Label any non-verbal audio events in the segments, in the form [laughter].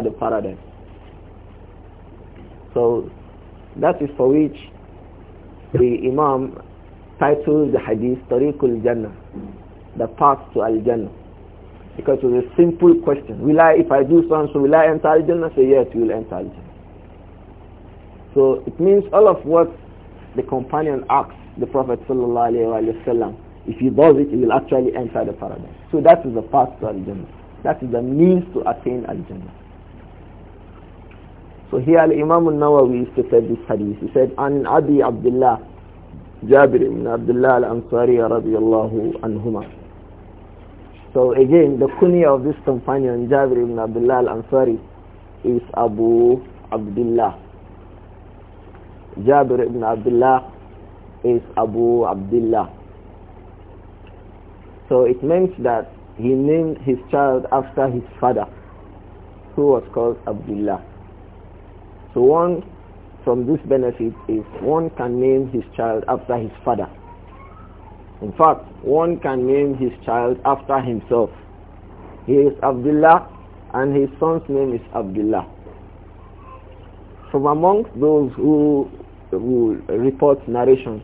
the paradise. So that is for which the Imam titled the hadith Tariqul Jannah, the path to Al Jannah. Because it was a simple question. Will I, if I do something, so will I enter Al Jannah? Say yes, you will enter Al Jannah. So it means all of what the companion asks the Prophet wasallam, if he does it, he will actually enter the paradise. So that is the path to Al Jannah. That is the means to attain Al Jannah. So here Imam al-Nawawi stated this hadith. He said, An Abi Abdullah, Jabir ibn Abdullah al-Ansari radiyallahu anhuma. So again, the kunya of this companion, Jabir ibn Abdullah al-Ansari, is Abu Abdullah. Jabir ibn Abdullah is Abu Abdullah. So it means that he named his child after his father, who was called Abdullah. So one from this benefit is one can name his child after his father. In fact, one can name his child after himself. He is Abdullah and his son's name is Abdullah. From amongst those who, who report narrations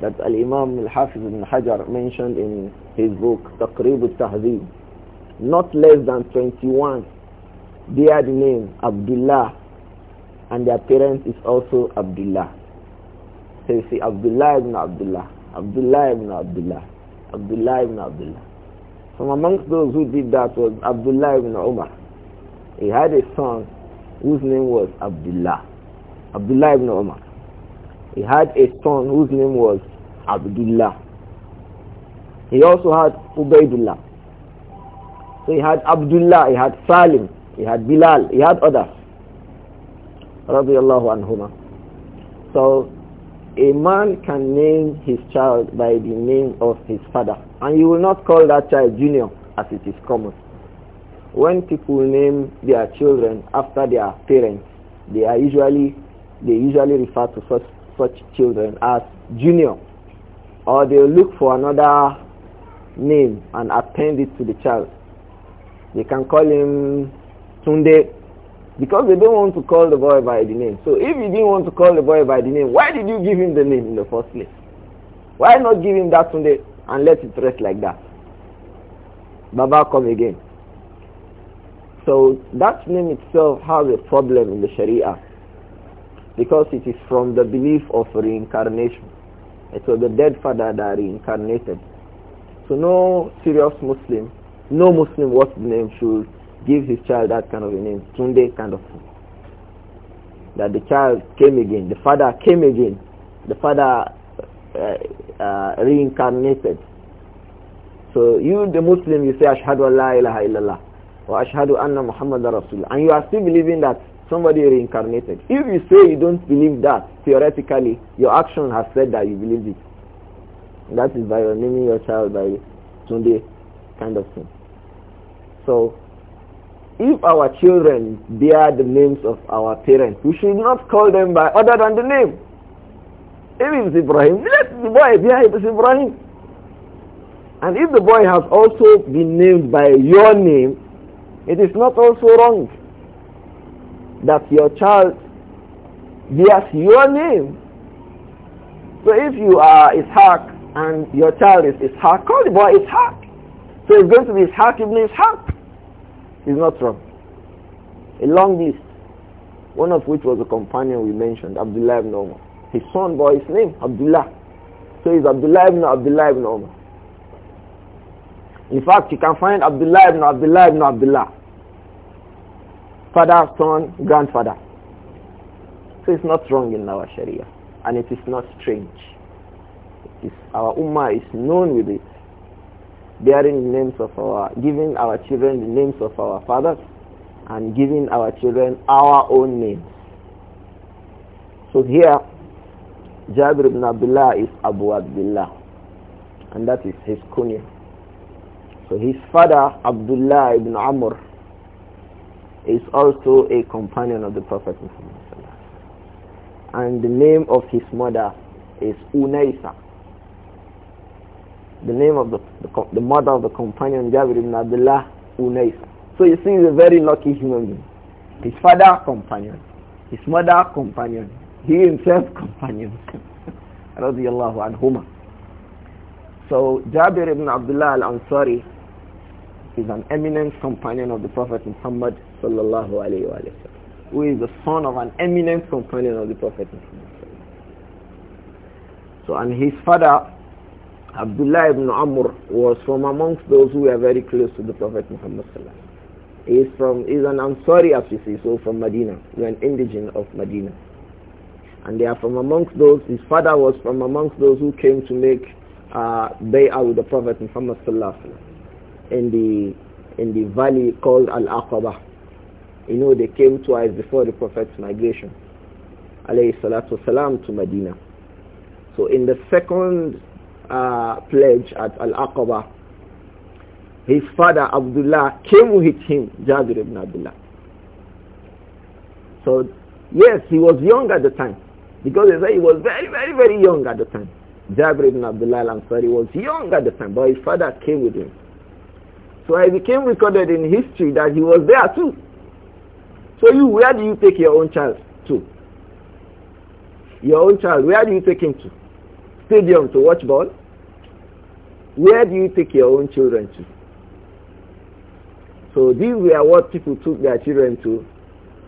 that Al-Imam Al-Hafiz al Hajar mentioned in his book Taqrib al-Tahzib, not less than 21 bear the name Abdullah and their parent is also Abdullah. So you see Abdullah ibn Abdullah, Abdullah ibn Abdullah, Abdullah ibn Abdullah. From amongst those who did that was Abdullah ibn Umar. He had a son whose name was Abdullah. Abdullah ibn Umar. He had a son whose name was Abdullah. He also had Ubaidullah. So he had Abdullah, he had Salim, he had Bilal, he had others radiallahu anhuma. So a man can name his child by the name of his father. And you will not call that child junior as it is common. When people name their children after their parents, they are usually they usually refer to such such children as junior or they look for another name and append it to the child. They can call him Tunde because they don't want to call the boy by the name. So if you didn't want to call the boy by the name, why did you give him the name in the first place? Why not give him that Sunday and let it rest like that? Baba come again. So that name itself has a problem in the Sharia because it is from the belief of reincarnation. It was the dead father that reincarnated. So no serious Muslim, no Muslim what's the name should gives his child that kind of a name, Tunde kind of thing. That the child came again, the father came again, the father uh, uh, reincarnated. So you, the Muslim, you say Ashhadu Allah ilaha illallah or Ashhadu anna Muhammad Rasul, and you are still believing that somebody reincarnated. If you say you don't believe that, theoretically, your action has said that you believe it. that is by naming your child by Tunde kind of thing. So if our children bear the names of our parents, we should not call them by other than the name. If it's Ibrahim, let the boy bear it as Ibrahim. And if the boy has also been named by your name, it is not also wrong that your child bears your name. So if you are Ishaq and your child is Ishaq, call the boy Ishaq. So it's going to be Ishaq ibn Ishaq is not wrong. A long list, one of which was a companion we mentioned, Abdullah ibn Umar. His son bore his name, Abdullah. So he's Abdullah ibn Abdullah ibn Umar. In fact, you can find Abdullah ibn Abdullah ibn Abdullah. Father, son, grandfather. So it's not wrong in our Sharia. And it is not strange. It's, our Ummah is known with it bearing the names of our, giving our children the names of our fathers and giving our children our own names. So here, Jabir ibn Abdullah is Abu Abdullah and that is his kunya. So his father Abdullah ibn Amr is also a companion of the Prophet Muhammad and the name of his mother is Unaisa the name of the, the, the mother of the companion, Jabir ibn Abdullah, Unais. So you see, he's a very lucky human being. His father, companion. His mother, companion. He himself, [laughs] companion. [laughs] Radiallahu anhuma. So Jabir ibn Abdullah al-Ansari is an eminent companion of the Prophet Muhammad sallallahu alayhi wa who is the son of an eminent companion of the Prophet Muhammad. So and his father Abdullah ibn Amr was from amongst those who were very close to the Prophet Muhammad He is from he's an Ansari as you see, so from Medina. He an indigent of Medina. And they are from amongst those, his father was from amongst those who came to make uh, bay'ah with the Prophet Muhammad in the in the valley called Al-Aqaba. You know, they came twice before the Prophet's migration, alayhi salatu salam, to Medina. So in the second uh, pledge at Al-Aqaba, his father Abdullah came with him, Jabir ibn Abdullah. So yes, he was young at the time because they say he was very, very, very young at the time. Jabir ibn Abdullah al-Ansari was young at the time, but his father came with him. So I became recorded in history that he was there too. So you, where do you take your own child to? Your own child, where do you take him to? stadium to watch ball? Where do you take your own children to? So these were what people took their children to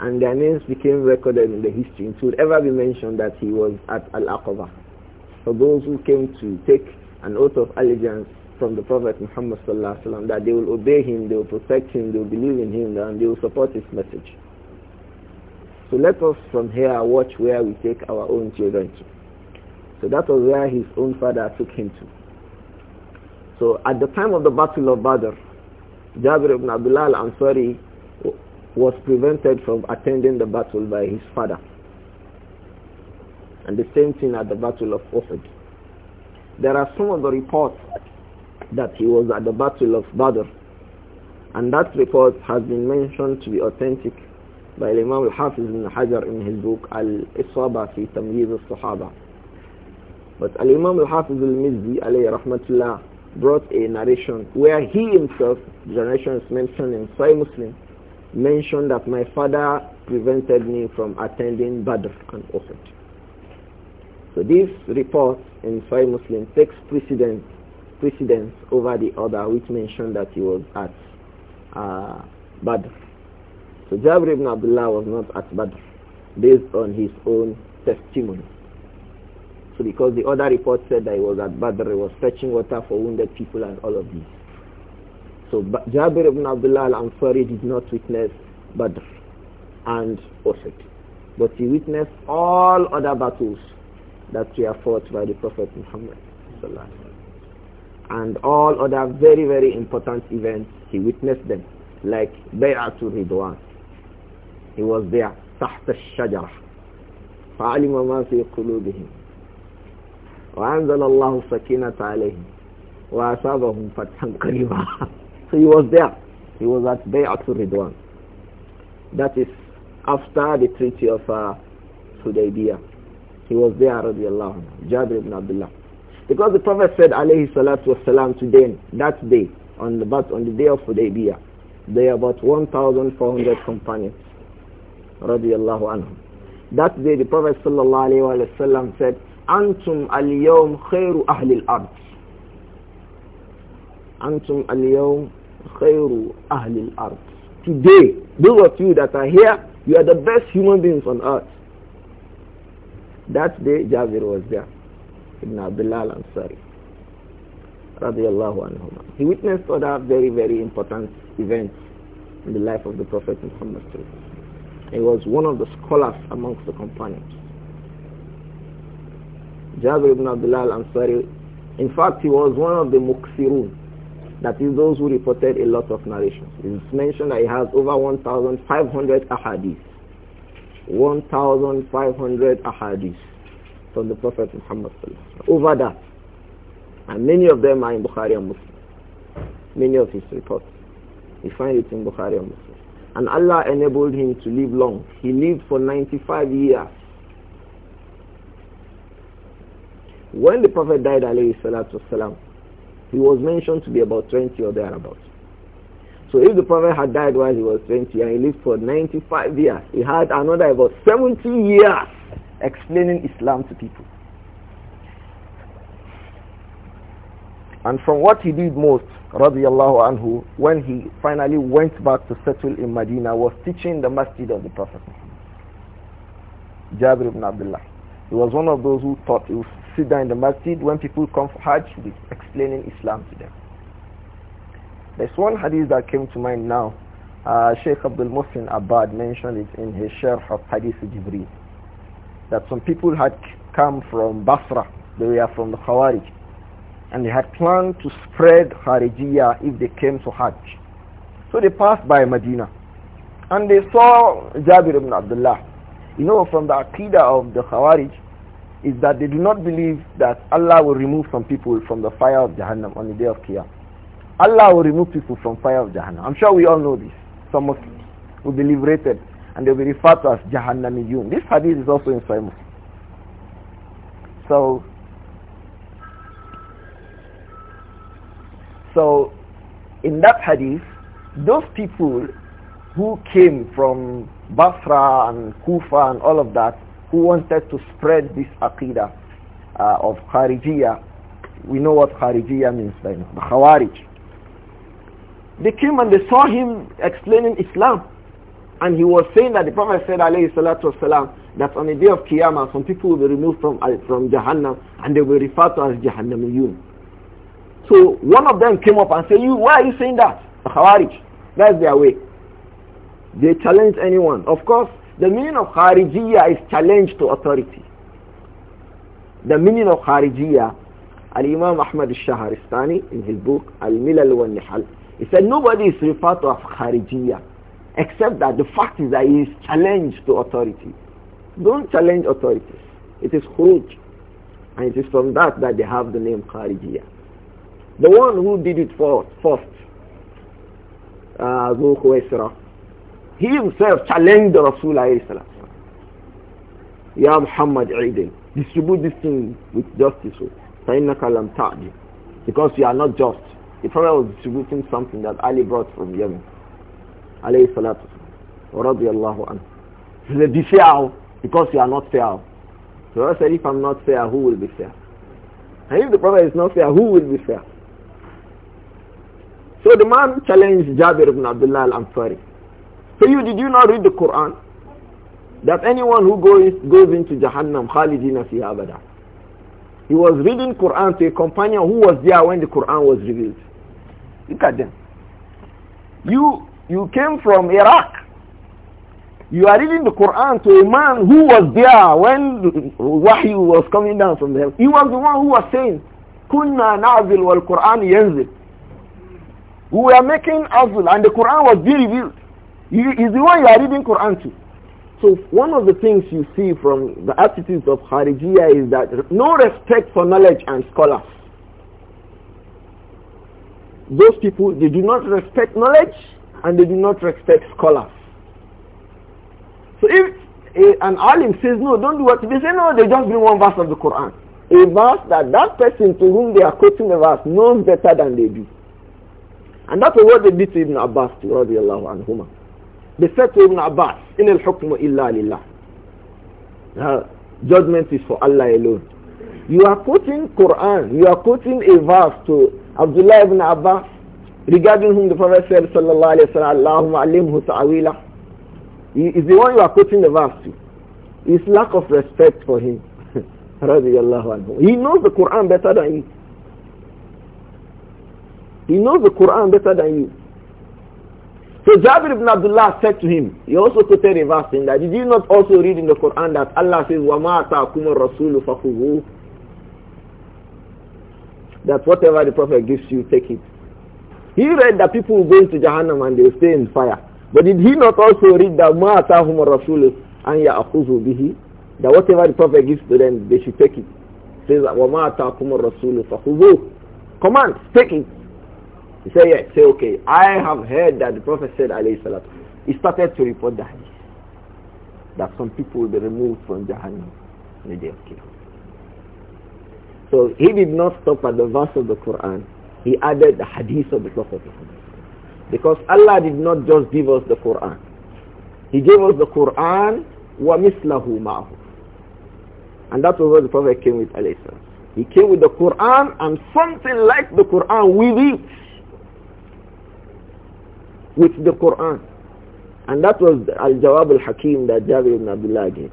and their names became recorded in the history. It would ever be mentioned that he was at Al-Aqaba. For those who came to take an oath of allegiance from the Prophet Muhammad sallallahu that they will obey him, they will protect him, they will believe in him, and they will support his message. So let us from here watch where we take our own children to. So that was where his own father took him to. So at the time of the Battle of Badr, Jabir ibn Abdullah al-Ansari was prevented from attending the battle by his father. And the same thing at the Battle of Uhud. There are some of the reports that he was at the Battle of Badr. And that report has been mentioned to be authentic by Imam al-Hafiz ibn Hajar in his book Al-Isaba fi Tamyiz al-Sahaba. But Al-Imam Al-Hafiz Al-Mizzi, alayhi rahmatullah, brought a narration where he himself, the narration is mentioned in Sahih Muslim, mentioned that my father prevented me from attending Badr and Uhud. So this report in Sahih Muslim takes precedence, precedence over the other which mentioned that he was at uh, Badr. So Jabir ibn Abdullah was not at Badr based on his own testimony. So because the other report said that he was at Badr, he was fetching water for wounded people and all of this. So Jabir ibn Abdullah al-Ansari did not witness Badr and Uhud. But he witnessed all other battles that were fought by the Prophet Muhammad. And all other very, very important events, he witnessed them. Like Bay'atul Ridwan. He was there. تحت الشجرة فعلم ما في قلوبهم وأنزل الله السكينة عليهم وأصابهم فتحا قريبا So [laughs] he was there. He was at Bay'atul Ridwan. That is after the treaty of uh, Hudaybiyah. He was there, radiallahu anhu, Jabir ibn Abdullah. Because the Prophet said, عليه الصلاة والسلام, to them, that day, on the, but on the day of Hudaybiyah, there are about 1,400 companions, اللَّهُ anhu. That day, the Prophet sallallahu alayhi wa sallam said, أنتم اليوم خير أهل الأرض أنتم اليوم خير أهل الأرض Today, those of you that are here, you are the best human beings on earth. That day, Jabir was there. Ibn Abdullah Ansari. Radiallahu anhum. He witnessed other very, very important events in the life of the Prophet Muhammad. He was one of the scholars amongst the companions. Jabir ibn Abdullah al-Ansari, in fact, he was one of the muksirun, that is those who reported a lot of narrations. It's mentioned that he has over 1,500 ahadith. 1,500 ahadith from the Prophet Muhammad over that. And many of them are in Bukhari and Muslim. Many of his reports. We find it in Bukhari and Muslim. And Allah enabled him to live long. He lived for 95 years. When the Prophet died, alayhi salatu wasalam, he was mentioned to be about 20 or thereabouts. So if the Prophet had died while he was 20 and he lived for 95 years, he had another about 70 years explaining Islam to people. And from what he did most, radiallahu anhu, when he finally went back to settle in Medina, was teaching the masjid of the Prophet. Jabir ibn Abdullah. He was one of those who taught, he was sit down in the masjid when people come for Hajj with explaining Islam to them. There's one hadith that came to mind now. Uh, Sheikh Abdul Muhsin Abad mentioned it in his share of Hadith Jibreel that some people had come from Basra, they were from the Khawarij, and they had planned to spread Kharijiyah if they came to Hajj. So they passed by Medina and they saw Jabir ibn Abdullah. You know, from the Aqidah of the Khawarij, is that they do not believe that Allah will remove some people from the fire of Jahannam on the day of Qiyam. Allah will remove people from fire of Jahannam. I'm sure we all know this. Some Muslims will be liberated and they'll be referred to as Jahannamiyun. This hadith is also in Sahih Muslim. So, so in that hadith, those people who came from Basra and Kufa and all of that, who wanted to spread this aqidah uh, of Kharijiyah. We know what Kharijiyah means by now, the Khawarij. They came and they saw him explaining Islam. And he was saying that the Prophet said, alayhi salatu wasalam, that on the day of Qiyamah, some people will be removed from, uh, from Jahannam and they will refer to as Jahannamiyun. So one of them came up and said, you, why are you saying that? The Khawarij. That's their way. They challenge anyone. Of course, the meaning of Kharijiyya is challenge to authority. The meaning of Kharijiyya, Al-Imam Ahmad al-Shaharistani in his book Al-Milal wa nihal he said nobody is referred to as Kharijiyya except that the fact is that he is challenged to authority. Don't challenge authorities. It is khuruj. And it is from that that they have the name Kharijiyya. The one who did it first, first, uh, he himself challenged the Rasulullah Ya Muhammad Aiden, distribute this thing with justice. Because you are not just. The Prophet was distributing something that Ali brought from Yemen. Alayhi salatu. Radiallahu anhu. He said, be fair oh. because you are not fair. So oh. I said, if I'm not fair, who will be fair? And if the Prophet is not fair, who will be fair? So the man challenged Jabir ibn Abdullah al-Ansari. So you, did you not read the Quran? That anyone who goes, goes into Jahannam, Khalidina fi abada. He was reading Quran to a companion who was there when the Quran was revealed. Look at them. You, you came from Iraq. You are reading the Quran to a man who was there when Wahy was coming down from heaven. He was the one who was saying, كنا Wal Quran ينزل. We were making azul and the Quran was being revealed. He is the one you are reading Quran to. So one of the things you see from the attitudes of Kharijiya is that no respect for knowledge and scholars. Those people, they do not respect knowledge and they do not respect scholars. So if a, an alim says, no, don't do what, they say, no, they just bring one verse of the Quran. A verse that that person to whom they are quoting the verse knows better than they do. And that's what they did to Ibn Abbas, and anhumah. They said to Ibn Abbas, In al hukmu illa lillah. Uh, judgment is for Allah alone. You are quoting Quran, you are quoting a verse to Abdullah ibn Abbas regarding whom the Prophet said, Sallallahu Alaihi Wasallam, ta'wila. Is the one you are quoting the verse to. It's lack of respect for him. [laughs] he knows the Quran better than you. He knows the Quran better than you. So Jabir ibn Abdullah said to him, he also quoted a verse in that, did you not also read in the Quran that Allah says, وَمَا تَعْكُمُ الرَّسُولُ فَخُذُوهُ That whatever the Prophet gives you, take it. He read that people will go into Jahannam and they will stay in fire. But did he not also read that مَا أَتَاهُمُ الرَّسُولُ أَنْ يَأْخُذُوا بِهِ That whatever the Prophet gives to them, they should take it. He says, وَمَا أَتَاكُمُ الرَّسُولُ فَخُذُوهُ Command, take it. He said, yes, say, okay, I have heard that the Prophet said, alayhi He started to report the hadith. That some people will be removed from Jahannam in the day of Qiyamah. So he did not stop at the verse of the Quran. He added the hadith of the Prophet Because Allah did not just give us the Quran. He gave us the Quran wa mislahu ma'ahu. And that was what the Prophet came with alayhi He came with the Quran and something like the Quran with it. with the Quran. And that was Al-Jawab al-Hakim that Jabir ibn Abdullah gave.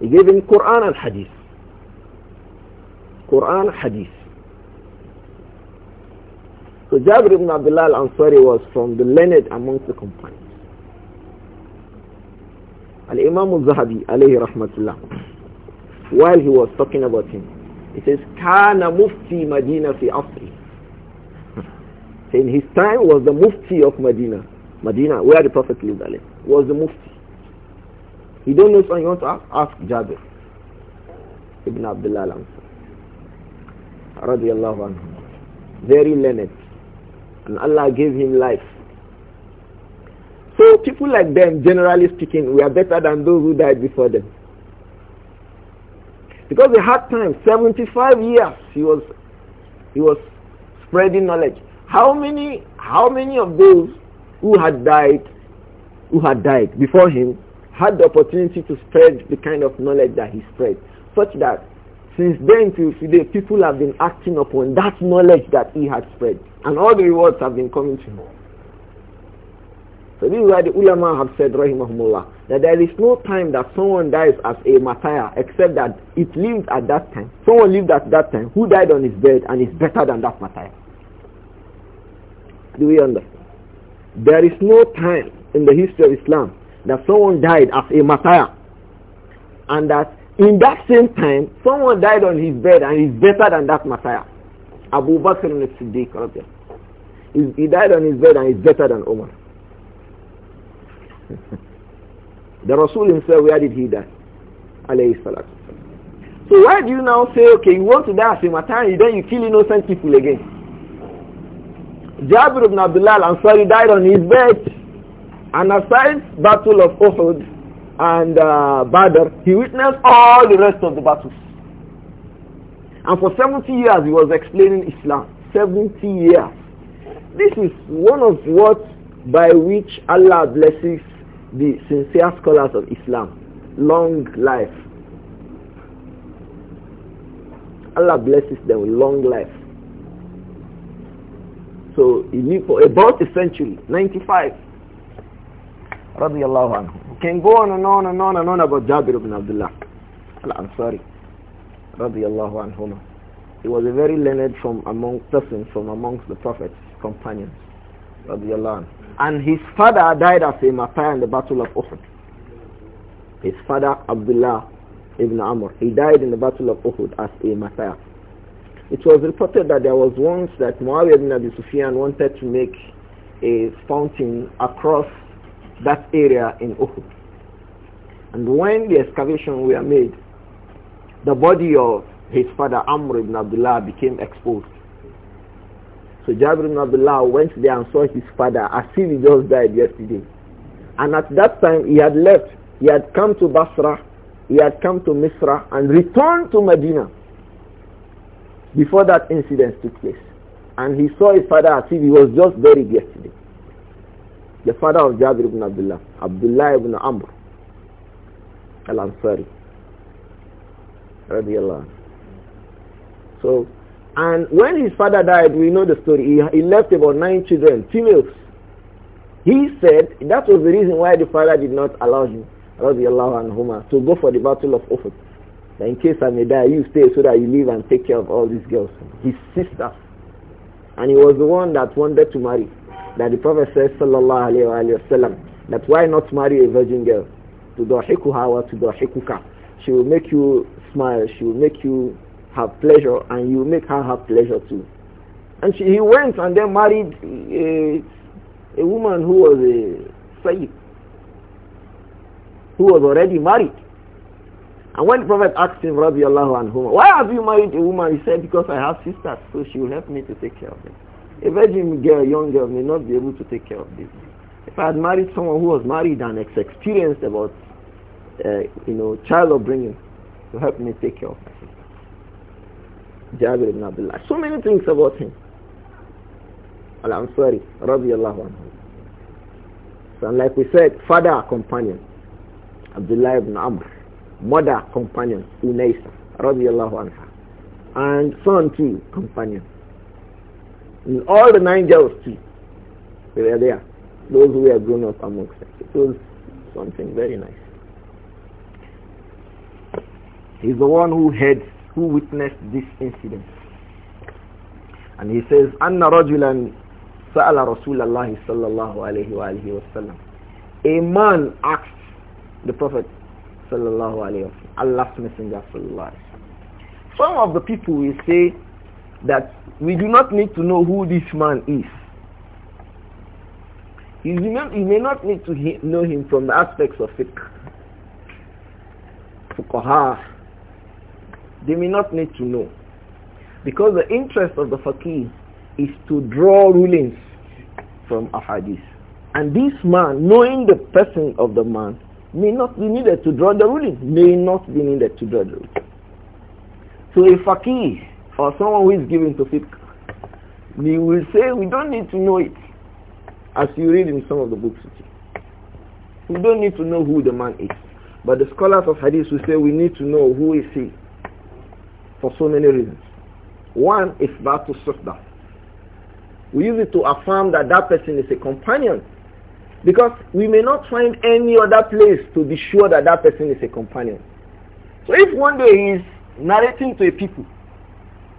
He gave him Quran and Hadith. Quran, Hadith. So Jabir ibn Abdullah al-Ansari was from the learned amongst the companions. Al-Imam al-Zahabi, alayhi rahmatullah, while he was talking about him, he says, كان مفتي مدينة في عصره In his time was the Mufti of Medina. Medina, where the Prophet lived, was the Mufti. He don't know something, you want to ask, ask Jabir ibn Abdullah al-Ansari. Radiallahu anhu. Very learned. And Allah gave him life. So people like them, generally speaking, we are better than those who died before them. Because they had time, 75 years, he was, he was spreading knowledge. How many, how many of those who had died, who had died before him, had the opportunity to spread the kind of knowledge that he spread, such that since then till today, people have been acting upon that knowledge that he had spread, and all the rewards have been coming to him. So this is why the ulama have said, rahimahumullah, that there is no time that someone dies as a martyr except that it lived at that time. Someone lived at that time who died on his bed and is better than that martyr. Do we understand? There is no time in the history of Islam that someone died as a martyr and that in that same time someone died on his bed and he's better than that martyr. Abu Bakr al-Siddiq he died on his bed and he's better than Omar. [laughs] the Rasul himself, where did he die? So why do you now say, okay, you want to die as a martyr, then you kill innocent people again? Jabir ibn Abdullah al-Ansari died on his bed. And aside battle of Uhud and uh, Badr, he witnessed all the rest of the battles. And for 70 years he was explaining Islam. 70 years. This is one of what by which Allah blesses the sincere scholars of Islam. Long life. Allah blesses them with long life. So he lived for about a century, 95. Radiallahu anhu. We can go on and on and on and on about Jabir ibn Abdullah al-Ansari. Radiallahu anhu. He was a very learned from among person from amongst the Prophet's companions. Radiallahu anhu. And his father died as a martyr in the Battle of Uhud. His father, Abdullah ibn Amr, he died in the Battle of Uhud as a martyr. It was reported that there was once that Muawiyah ibn Abi Sufyan wanted to make a fountain across that area in Uhud. And when the excavation were made, the body of his father Amr ibn Abdullah became exposed. So Jabir ibn Abdullah went there and saw his father as if he just died yesterday. And at that time he had left. He had come to Basra. He had come to Misra and returned to Medina before that incident took place. And he saw his father as if he was just buried yesterday. The father of Jabir ibn Abdullah, Abdullah ibn Amr al-Ansari. So, and when his father died, we know the story. He, he left about nine children, females. He said that was the reason why the father did not allow him, radiallahu anhuma, to go for the battle of Uhud. That in case I may die, you stay so that you live and take care of all these girls. His sister. And he was the one that wanted to marry. That the Prophet says, sallallahu alayhi Wasallam, that why not marry a virgin girl? To dohikuha wa to dohikuka. She will make you smile. She will make you have pleasure and you make her have pleasure too. And she, he went and then married a, a woman who was a sayyid, who was already married. And when the Prophet asked him, radiallahu anhu, why have you married a woman? He said, because I have sisters, so she will help me to take care of them. A virgin girl, young girl, may not be able to take care of this. If I had married someone who was married and experienced about, uh, you know, child upbringing, to help me take care of my sisters. Abdullah. So many things about him. I'm sorry. radiallahu anhu. So like we said, father, companion, Abdullah ibn Amr mother companion, Unaysa, radiallahu anha, and son too, companion. And all the nine girls too, they were there, those who were grown up amongst them. It was something very nice. He's the one who had, who witnessed this incident. And he says, أن رجلا saala رسول sallallahu صلى الله عليه وآله وسلم. A man asked the Prophet sallallahu alayhi wa Allah's messenger sallallahu alayhi Some of the people will say that we do not need to know who this man is. You may not need to know him from the aspects of fiqh. Fuqaha, they may not need to know. Because the interest of the faqih is to draw rulings from ahadith. And this man, knowing the person of the man, may not be needed to draw the ruling. May not be needed to draw the ruling. So a fakir or someone who is giving to fiqh, we will say we don't need to know it as you read in some of the books. We don't need to know who the man is. But the scholars of hadith will say we need to know who is he for so many reasons. One is that to suhbah. We use it to affirm that that person is a companion because we may not find any other place to be sure that that person is a companion. So if one day he's narrating to a people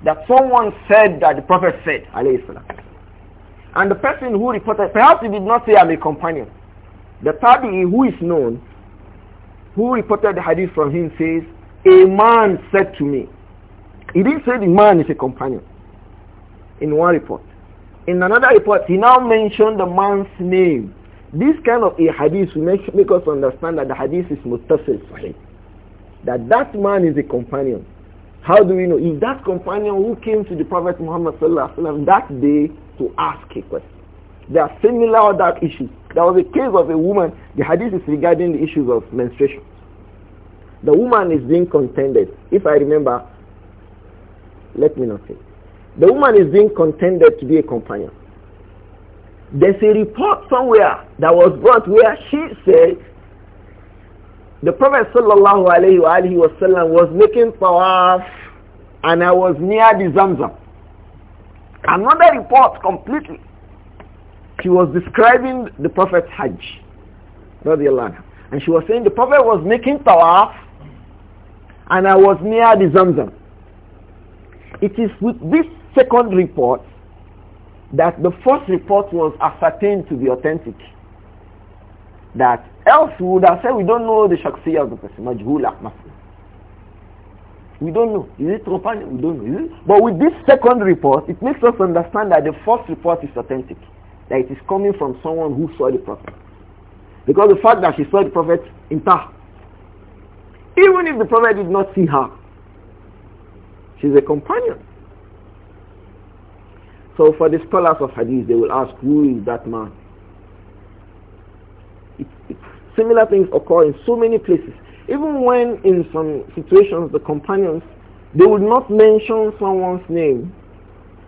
that someone said that the Prophet said, and the person who reported, perhaps he did not say I'm a companion. The Tabi who is known, who reported the hadith from him says, a man said to me, he didn't say the man is a companion in one report. In another report, he now mentioned the man's name. This kind of a hadith will make, make us understand that the hadith is muttasil sahih. That that man is a companion. How do we know? Is that companion who came to the Prophet Muhammad that day to ask a question? There are similar other issues. There was a case of a woman, the hadith is regarding the issues of menstruation. The woman is being contended, if I remember, let me not say. The woman is being contended to be a companion. There's a report somewhere that was brought where she said the Prophet sallallahu alayhi wa wasallam was making tawaf and I was near the Zamzam. Another report completely. She was describing the Prophet's Hajj. and she was saying the Prophet was making tawaf and I was near the Zamzam. It is with this second report that the first report was ascertained to be authentic. That else would have said we don't know the shaksiyah of the person, We don't know. Is it companion? We don't know. But with this second report, it makes us understand that the first report is authentic. That it is coming from someone who saw the prophet. Because the fact that she saw the prophet in Ta. Even if the prophet did not see her, she's a companion. So for the scholars of hadith, they will ask, who is that man? It, it, similar things occur in so many places. Even when in some situations the companions, they would not mention someone's name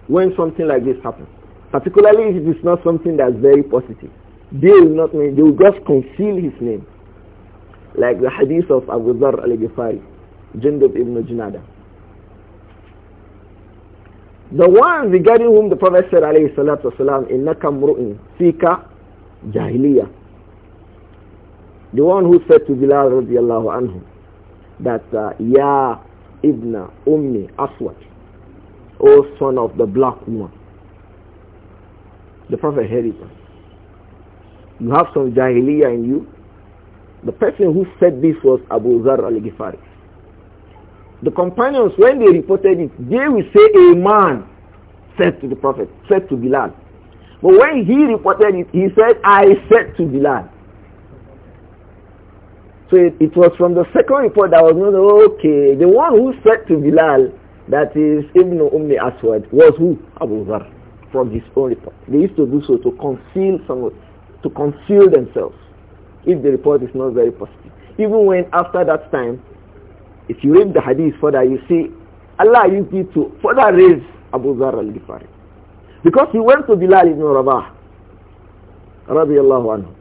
when something like this happens. Particularly if it is not something that's very positive. They will not mention. they will just conceal his name. Like the hadith of Abu Dhar al-Ghifari, Jindub ibn Junada. The one regarding whom the Prophet said alayhi salatu wasalam, innaka mru'in fika jahiliya. The one who said to Bilal radiallahu anhu that uh, ya ibna ummi aswat, O son of the black woman. The Prophet heard it. You have some jahiliya in you. The person who said this was Abu Zar al-Ghifari. The companions, when they reported it, they will say, a man said to the prophet, said to Bilal. But when he reported it, he said, I said to Bilal. So it, it was from the second report that was known, okay, the one who said to Bilal, that is Ibn Ummi Aswad, was who? Abu Dhar, from his own report. They used to do so to conceal some, to conceal themselves if the report is not very positive. Even when after that time, if you read the hadith further, you see Allah used it to further raise Abu Dhar al-Ghifari. Because he went to Bilal ibn Rabah, radiallahu anhu,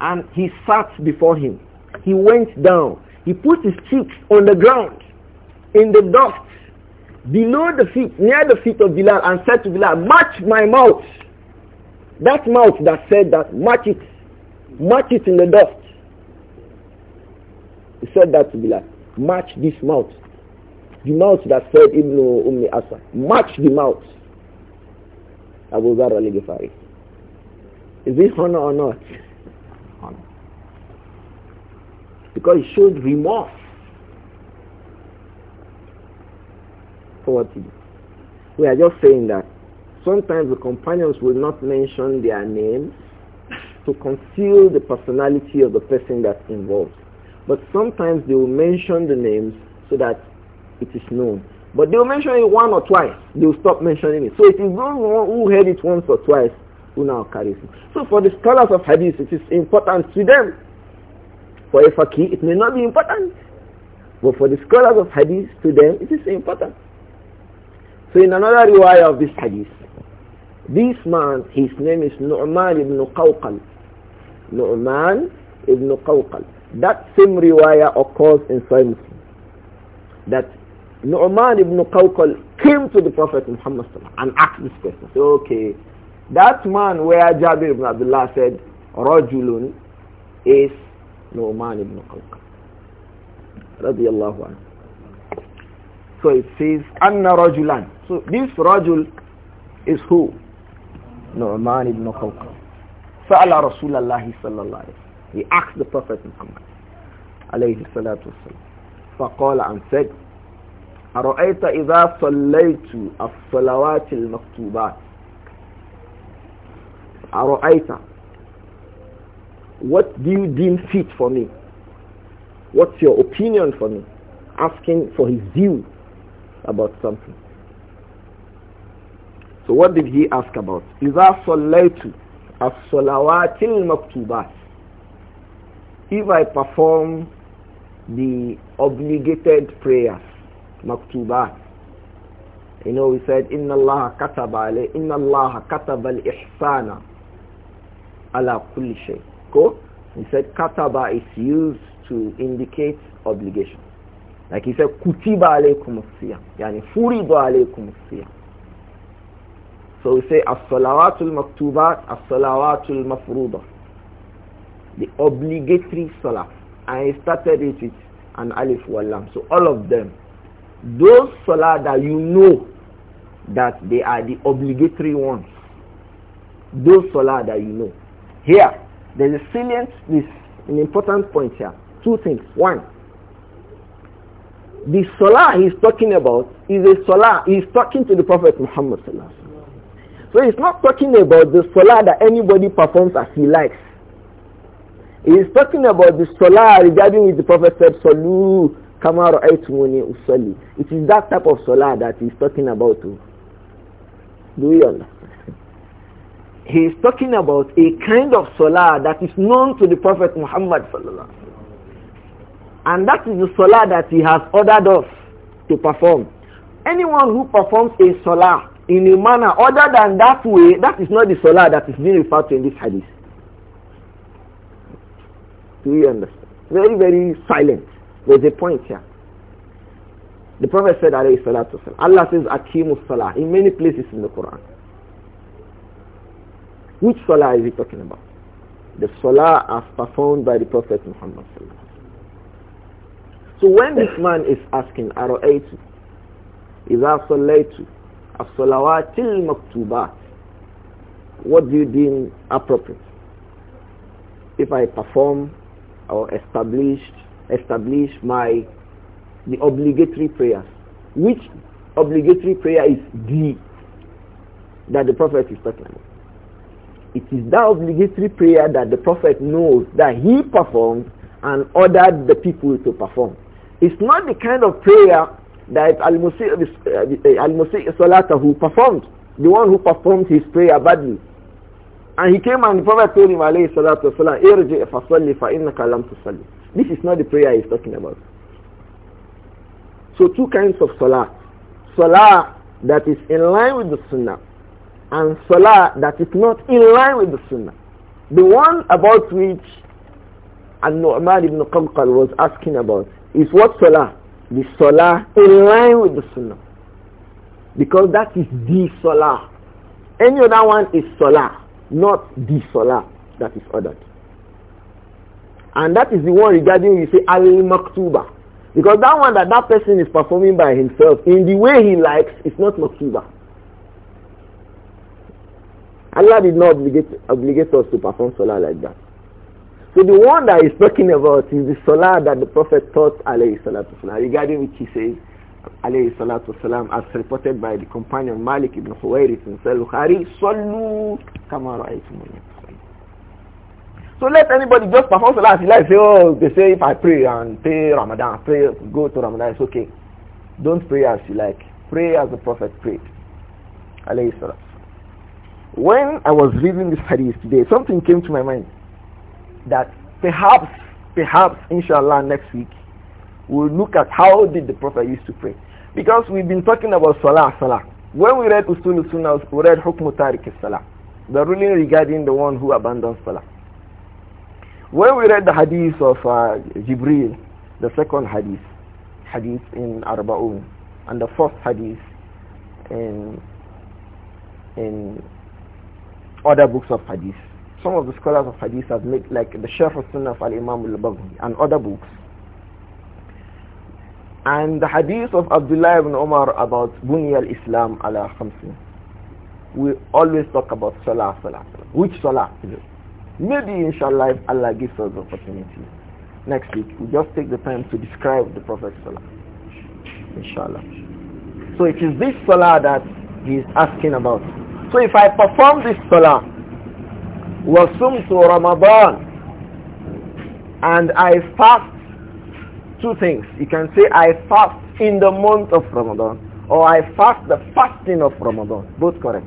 and he sat before him. He went down. He put his cheeks on the ground, in the dust, below the feet, near the feet of Bilal, and said to Bilal, match my mouth. That mouth that said that, match it. Match it in the dust. He said that to Bilal match this mouth. The mouth that said Ibn Ummi Asa. Match the mouth. Abu Dhar al-Ghifari. Is this honor or not? [laughs] Honor. Because it showed remorse for what he did. We are just saying that sometimes the companions will not mention their names to conceal the personality of the person that's involved. But sometimes they will mention the names so that it is known. But they will mention it one or twice. They will stop mentioning it. So it is those who heard it once or twice who now carries it. So for the scholars of hadith, it is important to them. For a faqih, it may not be important. But for the scholars of hadith, to them, it is important. So in another riwayah of this hadith, this man, his name is Nu'man ibn Qawqal. Nu'man ibn Qawqal. That same riwayah occurs in Sahih Muslim. That Nu'man ibn Qawqal came to the Prophet Muhammad and asked this question. So, okay, that man where Jabir ibn Abdullah said, Rajulun is Nu'man ibn Qawqal. Radiallahu anhu. So it says, Anna Rajulan. So this Rajul is who? Nu'man ibn Qawqal. سأل رسول الله صلى الله عليه وسلم he asked the Prophet Muhammad alayhi salatu wasalam and said أرأيت إذا صليت الصلوات المكتوبات أرأيت What do you deem fit for me? What's your opinion for me? Asking for his view about something. So what did he ask about? إذا صليت الصلوات المكتوبات if I perform the obligated prayers, maktubat, you know, we said, إِنَّ اللَّهَ كَتَبَ inna Allah kataba كَتَبَ ala عَلَى كُلِّ Go. He said, kataba is used to indicate obligation. Like he said, kutiba alaykum as-siyam. Yani furiba alaykum siyam So we say, as-salawatul maktubat, as-salawatul mafrudah the obligatory salah. I started it with an alif walam. So all of them, those salah that you know that they are the obligatory ones, those salah that you know. Here, there's a salient, this an important point here. Two things. One, the salah he's talking about is a salah he's talking to the prophet muhammad so he's not talking about the salah that anybody performs as he likes he is talking about the salah regarding which the Prophet said, solu kama ra'aytumuni usalli. It is that type of salah that he is talking about. Do you understand? He is talking about a kind of salah that is known to the Prophet Muhammad sallallahu and that is the salah that he has ordered us to perform. Anyone who performs a salah in a manner other than that way, that is not the salah that is being referred to in this hadith. Do you understand? Very, very silent. There's a point here. The Prophet said, salatu Allah says, Akimus Salah, in many places in the Quran. Which Salah is he talking about? The Salah as performed by the Prophet Muhammad So when this man is asking, Ara'aytu, إذا صليت الصلوات المكتوبات what do you deem appropriate? If I perform or established establish my the obligatory prayers. Which obligatory prayer is the that the prophet is talking about? It is that obligatory prayer that the prophet knows that he performed and ordered the people to perform. It's not the kind of prayer that Al-Musi' uh, Salatahu performed, the one who performed his prayer badly. And he came and the Prophet told him, alayhi salatu wasalam, irji fasalli fa innaka lam tusalli. This is not the prayer he's talking about. So two kinds of salah. Salah that is in line with the sunnah and salah that is not in line with the sunnah. The one about which An-Nu'man ibn Qamqal was asking about is what salah? The salah in line with the sunnah. Because that is the salah. Any other one is salah not the salah that is ordered. And that is the one regarding we say al-maktuba. Because that one that that person is performing by himself in the way he likes is not maktuba. Allah did not obligate, obligate us to perform salah like that. So the one that he's talking about is the salah that the Prophet taught alayhi salatu regarding which he says alayhi salatu wasalam, as reported by the companion Malik ibn Huwairit in Sahih Bukhari, Sallu kama So let anybody just perform salah as he likes. Say, oh, they say if I pray and pray Ramadan, pray, go to Ramadan, it's okay. Don't pray as you like. Pray as the Prophet prayed. Alayhi salatu When I was reading this hadith today, something came to my mind that perhaps, perhaps, inshallah, next week, we will look at how did the Prophet used to pray. Because we've been talking about Salah, Salah. When we read Usul Sunnah, we read Hukmu Tariq Salah, the ruling regarding the one who abandons Salah. When we read the hadith of uh, Jibril, the second hadith, hadith in Arba'un, and the first hadith in, in other books of hadith, some of the scholars of hadith have made, like the Sheikh of Sunnah of Al-Imam al-Baghi and other books, and the hadith of Abdullah ibn Omar about al Islam ala khamsin. We always talk about Salah, Salah, salah. Which Salah? Maybe inshallah if Allah gives us the opportunity. Next week, we just take the time to describe the Prophet Salah. Inshallah. So it is this Salah that he is asking about. So if I perform this Salah, to Ramadan, and I fast two things. You can say, I fast in the month of Ramadan, or I fast the fasting of Ramadan. Both correct.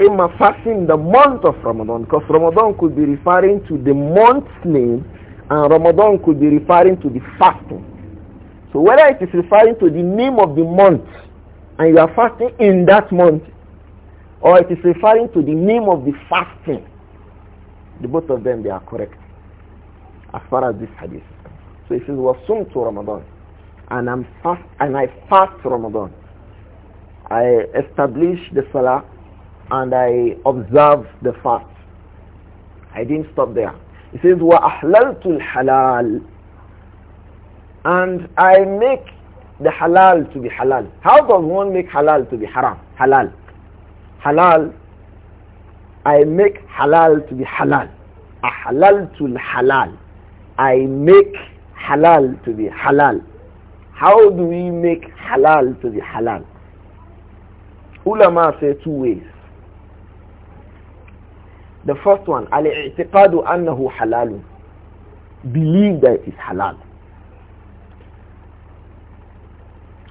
Imma fasting the month of Ramadan, because Ramadan could be referring to the month's name, and Ramadan could be referring to the fasting. So whether it is referring to the name of the month, and you are fasting in that month, or it is referring to the name of the fasting, the both of them, they are correct as far as this hadith. So if it was sum to Ramadan and I'm fast and I fast Ramadan, I establish the salah and I observe the fast. I didn't stop there. It says wa ahlaltu halal and I make the halal to be halal. How does one make halal to be haram? Halal. Halal. I make halal to be halal. Ahlaltu halal. I make halal to be halal. How do we make halal to be halal? Ulama say two ways. The first one, al-i'tiqadu annahu halal. Believe that it is halal.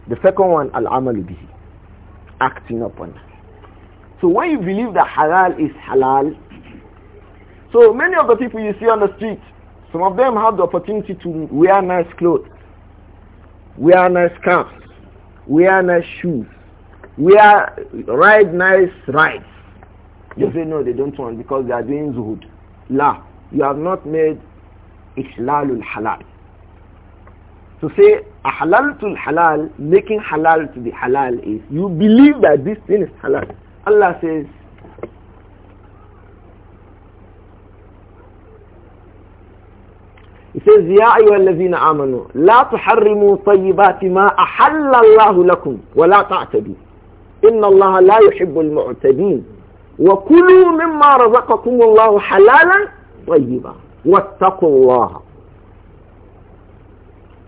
The second one, al-amalu bihi. Acting upon it. So when you believe that halal is halal, so many of the people you see on the street, some of them have the opportunity to wear nice clothes, wear nice caps, wear nice shoes, wear ride nice rides. You say no, they don't want because they are doing zuhud. La, you have not made ihlalul halal. To say ahalaltul halal, making halal to be halal is you believe that this thing is halal. Allah says يسيز يَا أَيُّهَا الَّذِينَ آمَنُوا لَا تُحَرِّمُوا طَيِّبَاتِ مَا أَحَلَّ اللَّهُ لَكُمْ وَلَا تَعْتَدُوا إِنَّ اللَّهَ لَا يُحِبُّ الْمُعْتَدِينَ وَكُلُوا مِمَّا رَزَقَكُمُ اللَّهُ حَلَالًا طَيِّبًا وَاتَّقُوا اللَّهَ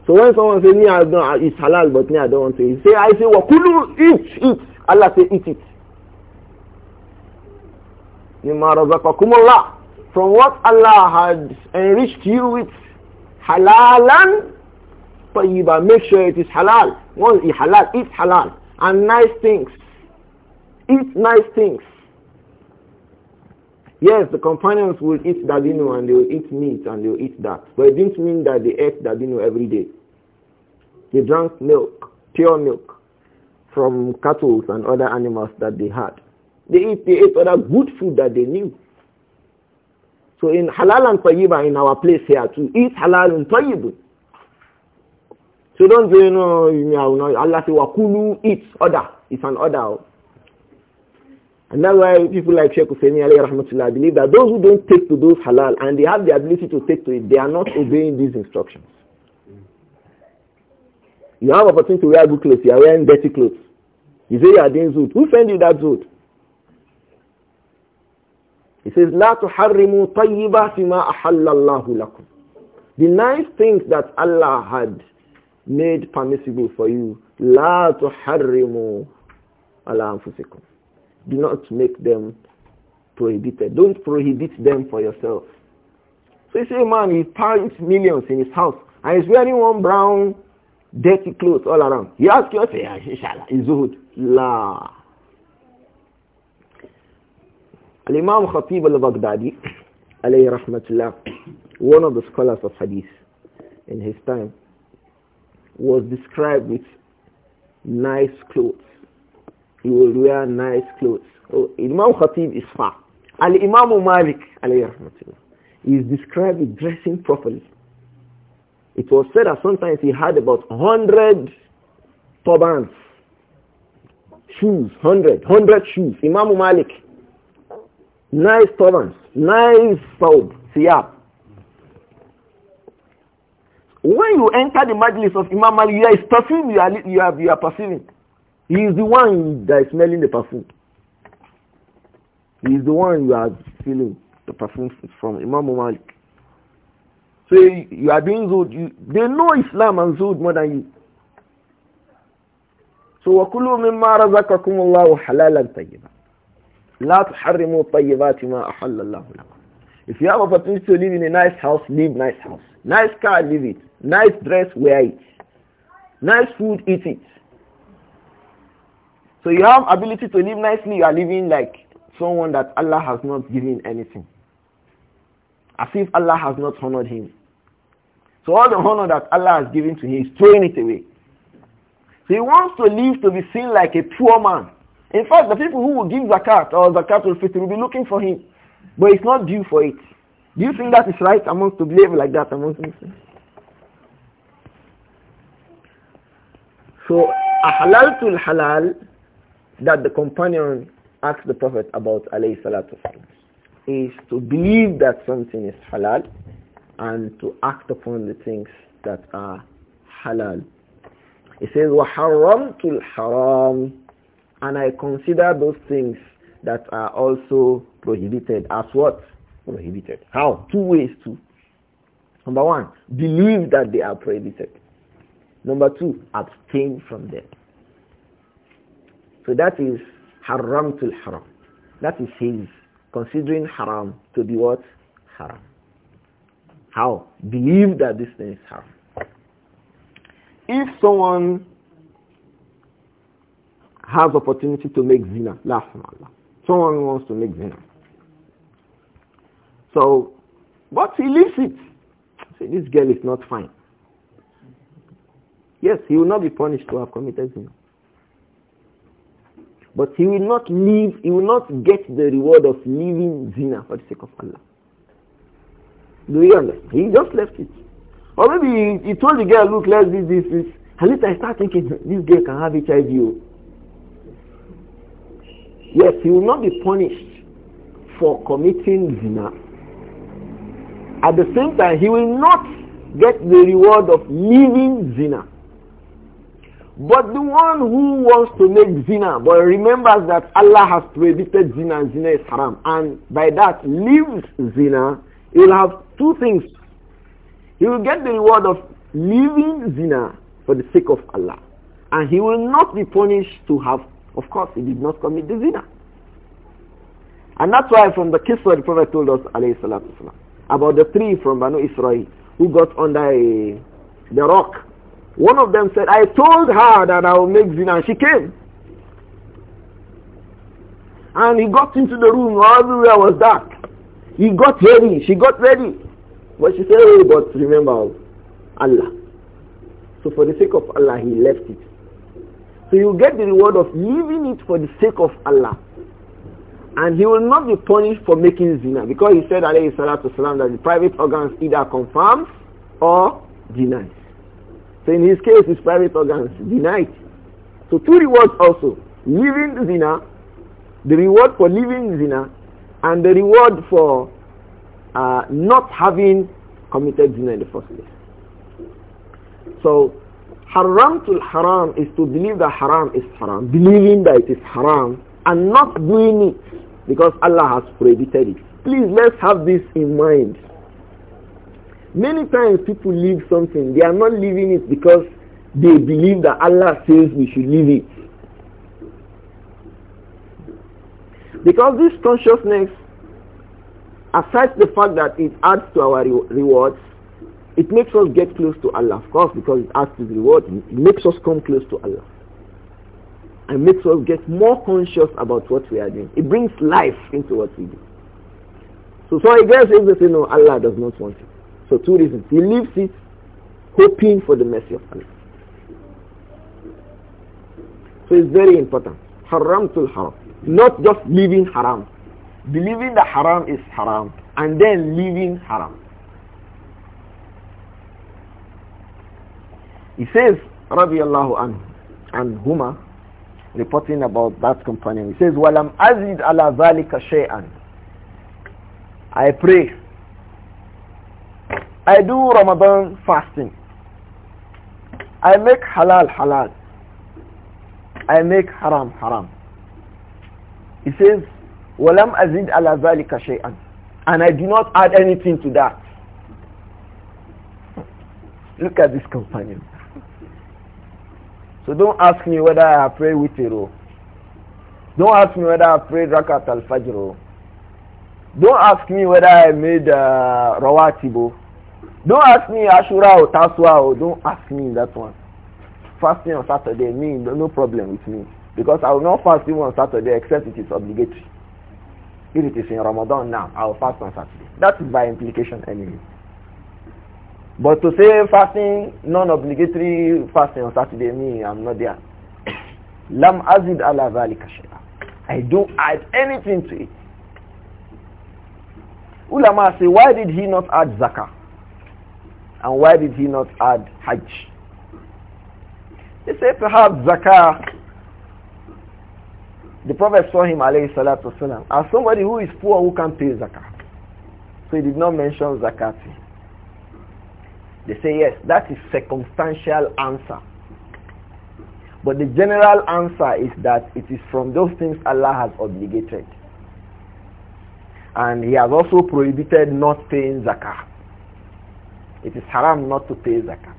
So when someone says, me, I don't, it's halal, but me, I don't want to eat. Say, I say, وَكُلُوا eat, eat. Allah say, eat it. مِمَّا رَزَقَكُمُ اللَّهُ From what Allah had enriched you with, halalan tayyiba. Make sure it is halal. Once it's halal, eat halal. And nice things. Eat nice things. Yes, the companions will eat dadino and they will eat meat and they will eat that. But it didn't mean that they ate dadino every day. They drank milk, pure milk, from cattle and other animals that they had. They, eat, they ate other good food that they knew. So in halal and tayyiba in our place here to eat halal and tayyib. So don't say, no, you know, Allah say, wakulu, eat, order. It's an order. And that's why people like Sheikh Husseini Ali Rahmatullah believe that those who don't take to those halal and they have the ability to take to it, they are not obeying these instructions. You have opportunity to wear good clothes, you are wearing dirty clothes. You say you are doing zoot. Who sent you that zoot? He says, لا تحرموا طيبا فيما أحل الله لكم. The nice things that Allah had made permissible for you, لا تحرموا على أنفسكم. Do not make them prohibited. Don't prohibit them for yourself. So you say, man, he pants millions in his house and he's wearing one brown, dirty clothes all around. You ask yourself, inshallah, is zuhud. La. Al-Imam Khatib al-Baghdadi, alayhi rahmatullah, one of the scholars of hadith in his time, was described with nice clothes. He would wear nice clothes. Oh, Imam Khatib is far. Al-Imam Malik, alayhi rahmatullah, is described with dressing properly. It was said that sometimes he had about 100 turbans, shoes, 100, 100 shoes. Imam Malik, nice turbans, nice soul. siyab. When you enter the majlis of Imam Ali, you are perfume you are, you are, you are perceiving. He is the one that is smelling the perfume. He is the one you are feeling the perfume from Imam Malik. So you, are being Zud. You, they know Islam and Zud more than you. So وَكُلُوا مِمَّا رَزَقَكُمُ اللَّهُ حَلَالًا تَيِّبًا لا تحرموا طيبات ما أحل الله لكم If you have opportunity to live in a nice house, live nice house. Nice car, live it. Nice dress, wear it. Nice food, eat it. So you have ability to live nicely, you are living like someone that Allah has not given anything. As if Allah has not honored him. So all the honor that Allah has given to him is throwing it away. So he wants to live to be seen like a poor man. In fact, the people who will give zakat or zakat will fit will be looking for him. But it's not due for it. Do you think that is right amongst to behave like that amongst Muslims? So, to halal that the companion asked the Prophet about alayhi salatu is to believe that something is halal and to act upon the things that are halal. It says, وَحَرَّمْتُ الْحَرَامِ and I consider those things that are also prohibited as what? Prohibited. How? Two ways to. Number one, believe that they are prohibited. Number two, abstain from them. So that is haram to haram. That is his considering haram to be what? Haram. How? Believe that this thing is haram. If someone has opportunity to make zina. Someone wants to make zina. So, but he leaves it. See, this girl is not fine. Yes, he will not be punished to have committed zina. But he will not leave, he will not get the reward of leaving zina for the sake of Allah. Do you understand? He just left it. Or maybe he, he told the girl, look, let's do this, this. And later I start thinking, this girl can have HIV. Oh. Yes, he will not be punished for committing zina. At the same time, he will not get the reward of leaving zina. But the one who wants to make zina but remembers that Allah has prohibited zina and zina is haram and by that leaves zina, he will have two things. He will get the reward of leaving zina for the sake of Allah and he will not be punished to have of course, he did not commit the zina. And that's why from the Kiswa, the Prophet told us, والسلام, about the three from Banu Israel who got under a, the rock. One of them said, I told her that I will make zina, and she came. And he got into the room, everywhere was dark. He got ready, she got ready. But she said, oh, but remember Allah. So for the sake of Allah, he left it. So you get the reward of leaving it for the sake of Allah. And he will not be punished for making zina because he said alayhi salatu salam that the private organs either confirms or denies. So in his case his private organs denied. So two rewards also. Leaving the zina, the reward for leaving zina and the reward for uh, not having committed zina in the first place. So Haram to haram is to believe that haram is haram, believing that it is haram and not doing it because Allah has prohibited it. Please let's have this in mind. Many times people leave something, they are not leaving it because they believe that Allah says we should leave it. Because this consciousness, aside the fact that it adds to our re rewards, it makes us get close to Allah, of course, because it adds to the reward. It makes us come close to Allah. And makes us get more conscious about what we are doing. It brings life into what we do. So so I guess if they say no, Allah does not want it. So two reasons. He leaves it hoping for the mercy of Allah. So it's very important. Haram to haram. Not just leaving haram. Believing that haram is haram and then leaving haram. He says, "Rabi'ullah an, and Huma, reporting about that companion, he says, walam azid ala ذَلِكَ شَيْئًا I pray. I do Ramadan fasting. I make halal halal. I make haram haram. He says, walam azid ala ذَلِكَ شَيْئًا And I do not add anything to that. Look at this companion. So don't ask me whether I have prayed with you. Don't ask me whether I prayed Rakat al-Fajr. Don't ask me whether I made uh, Rawatibo. Don't ask me Ashura or Taswa. Or don't ask me that one. Fasting on Saturday, me, no problem with me. Because I will not fast even on Saturday except it is obligatory. If it is in Ramadan now, I will fast on Saturday. That is by implication anyway. But to say fasting, non-obligatory fasting on Saturday, me, I'm not there. [coughs] Lam azid ala dhalika I don't add anything to it. Ulama say, why did he not add zakah? And why did he not add hajj? They say perhaps zakah, the Prophet saw him alayhi salatu wasalam, as somebody who is poor who can not pay zakah. So he did not mention zakat. They say yes, that is circumstantial answer. But the general answer is that it is from those things Allah has obligated. And he has also prohibited not paying zakah. It is haram not to pay zakah.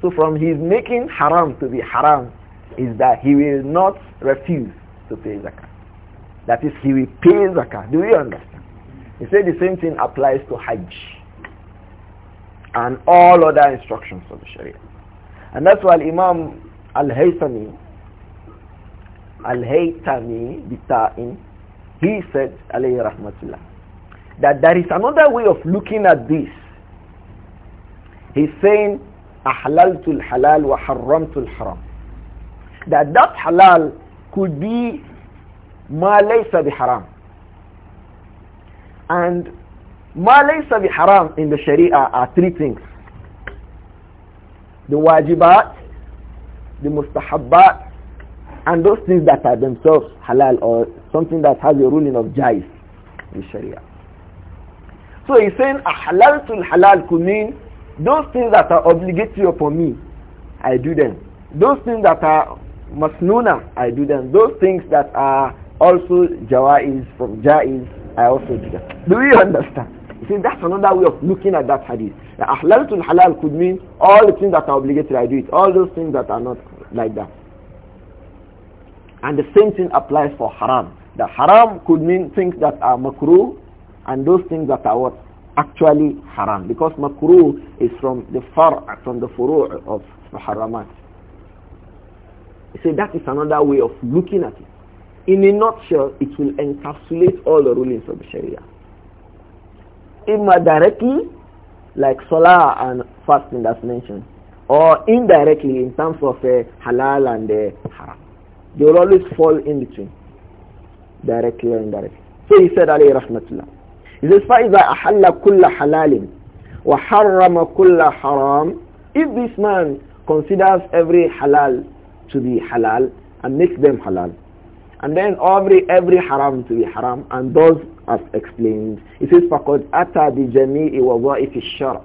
So from his making haram to be haram is that he will not refuse to pay zakah. That is, he will pay zakah. Do you understand? He said the same thing applies to hajj and all other instructions of the Sharia. And that's why Imam Al-Haytami, Al-Haytami Bita'in, he said, alayhi rahmatullah, that there is another way of looking at this. He's saying, أحللت الحلال وحرمت الحرام. That that halal could be ما ليس بحرام. And Ma laysa bi haram in the Sharia are three things. The wajibat, the mustahabbat, and those things that are themselves halal or something that has a ruling of jais in Sharia. So he's saying halal to halal could mean those things that are obligatory upon me, I do them. Those things that are masnuna, I do them. Those things that are also jawais from jais, I also do them. Do you understand? You see, that's another way of looking at that hadith. The ahlalatul halal could mean all the things that are obligatory, I do it. All those things that are not like that. And the same thing applies for haram. The haram could mean things that are makruh and those things that are what? Actually haram. Because makruh is from the far, from the furu' of haramat. You see, that is another way of looking at it. In a nutshell, it will encapsulate all the rulings of the Sharia. Imma directly, like salah and fasting that's mentioned, or indirectly in terms of uh, halal and uh, haram. They will always fall in between, directly or indirectly. So he said, alayhi rahmatullah. He says, فَإِذَا أَحَلَّ كُلَّ حَلَالٍ وَحَرَّمَ كُلَّ حَرَامٍ If this man considers every halal to be halal and makes them halal, and then every every haram to be haram and those as explained. It says فَقَدْ أَتَى بِجَمِيعِ وَظَائِفِ الشَّرْعِ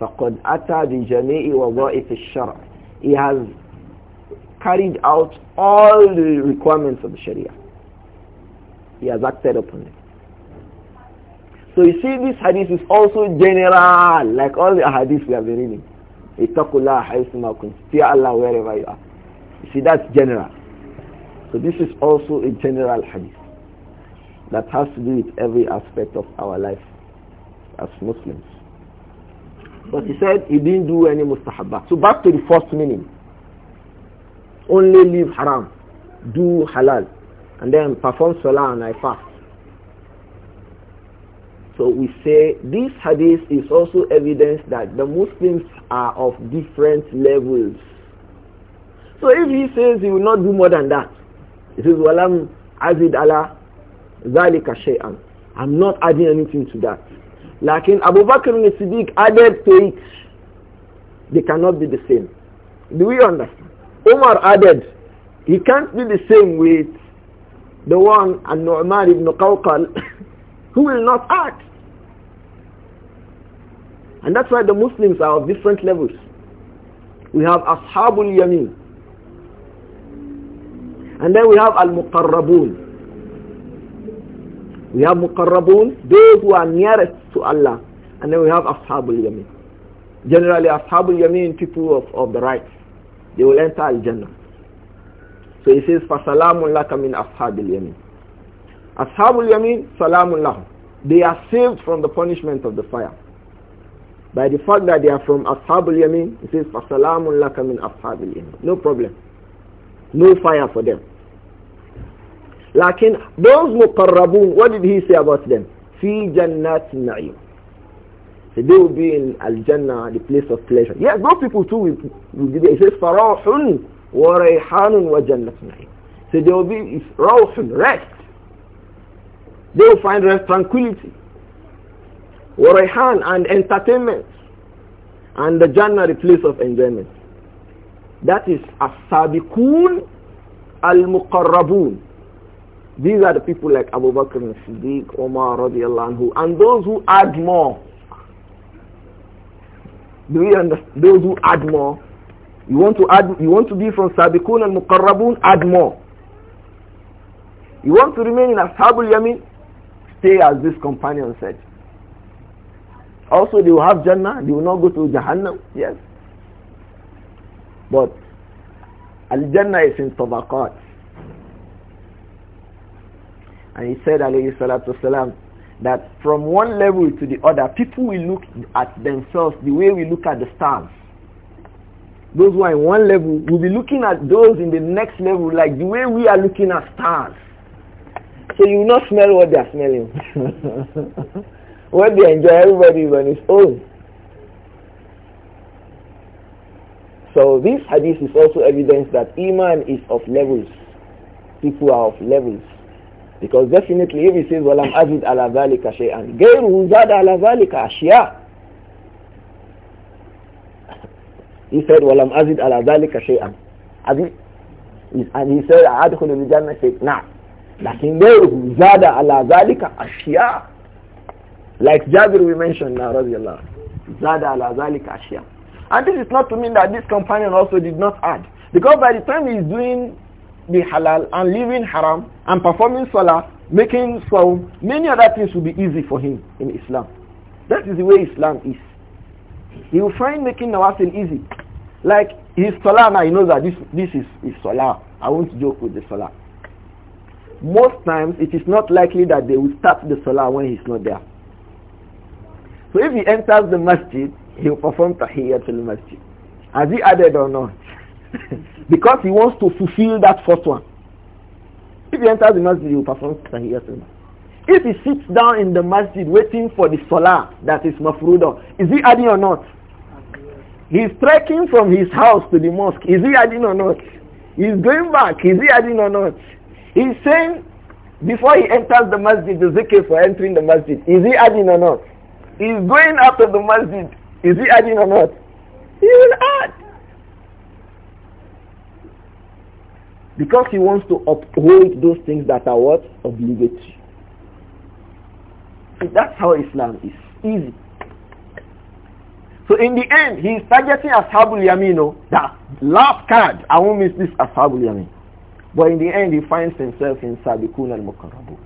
فَقَدْ أَتَى بِجَمِيعِ وَظَائِفِ shar. He has carried out all the requirements of the Sharia. He has acted upon it. So you see this hadith is also general, like all the hadiths we have been reading. Ittaqullah haythuma kuntum. fi Allah wherever you are. You see that's general. So this is also a general hadith that has to do with every aspect of our life as Muslims. But he said he didn't do any mustahabbat. So back to the first meaning. Only leave haram. Do halal. And then perform salah and I fast. So we say this hadith is also evidence that the Muslims are of different levels. So if he says he will not do more than that, it says, Walam azid ala zalika shay'an. I'm not adding anything to that. Lakin Abu Bakr and Siddiq added to it. They cannot be the same. Do we understand? Umar added, he can't be the same with the one and Nu'man ibn Qawqal [coughs] who will not act. And that's why the Muslims are of different levels. We have Ashabul Yameen. And then we have Al-Muqarrabun. We have Muqarrabun, those who are nearest to Allah. And then we have Ashabul Yameen. Generally Ashabul Yameen, people of, of the right. They will enter Al-Jannah. So he says, فَسَلَامٌ لَكَ مِنْ أَصْحَابِ الْيَمِينِ Ashabul Yameen, salamun lahum. They are saved from the punishment of the fire. By the fact that they are from Ashabul Yameen, He says, فَسَلَامٌ لَكَ مِنْ أَصْحَابِ الْيَمِينِ No problem. No fire for them. Lakin, those muqarrabun, what did he say about them? Fi jannat na'im. So they will be in Al-Jannah, the place of pleasure. Yes, those people too will, be there. He says, فَرَوْحٌ وَرَيْحَانٌ وَجَنَّةٌ نَعِيمٌ So they will be, it's rawhun, rest. They will find rest, tranquility. وَرَيْحَان and entertainment. And the Jannah, the place of enjoyment. That is as-sabiqun al-muqarrabun. These are the people like Abu Bakr and Siddiq, Omar radiallahu anhu, and those who add more. Do you understand? Those who add more. You want to add, you want to be from Sabiqun and Muqarrabun, add more. You want to remain in Ashabul Yamin, stay as this companion said. Also, they will have Jannah, they will not go to Jahannam, yes. But Al-Jannah is in Tabaqat. And he said, alayhi salatu wasalam, that from one level to the other, people will look at themselves the way we look at the stars. Those who are in one level will be looking at those in the next level like the way we are looking at stars. So you will not smell what they are smelling. [laughs] what they enjoy, everybody is on its own. So this hadith is also evidence that iman is of levels. People are of levels. Because definitely if he says, "Walam azid ala zalika shay'an. Gayru ala zalika ashiya. He said, "Walam azid ala zalika shay'an. And he said, adkhulu li janna shay'an. Nah. Lakin gayru zada ala zalika ashiya. Like Jabir we mentioned now, radiallahu anhu. Zada ala zalika ashiya. And this is not to mean that this companion also did not add. Because by the time he is doing the halal and leaving haram and performing salah, making saum, many other things will be easy for him in Islam. That is the way Islam is. He will find making nawasil easy. Like his salah now, he knows that this, this is his salah. I won't joke with the salah. Most times, it is not likely that they will start the salah when he's not there. So if he enters the masjid, he will perform Tahiyyatul Masjid. Has he added or not? [laughs] because he wants to fulfill that first one. If he enters the masjid, he will perform Tahiyyatul Masjid. If he sits down in the masjid waiting for the salah that is mafruda, is he adding or not? He's trekking from his house to the mosque. Is he adding or not? He's going back. Is he adding or not? He's saying before he enters the masjid, the zikr for entering the masjid. Is he adding or not? He's going out of the masjid. Is he adding or not? He will add. Because he wants to uphold those things that are what? Obligatory. See, that's how Islam is. Easy. So in the end, he is targeting Ashabul Yamino, that last card. I won't miss this Ashabul Yamin. But in the end, he finds himself in sabikun al-Mukarrabu.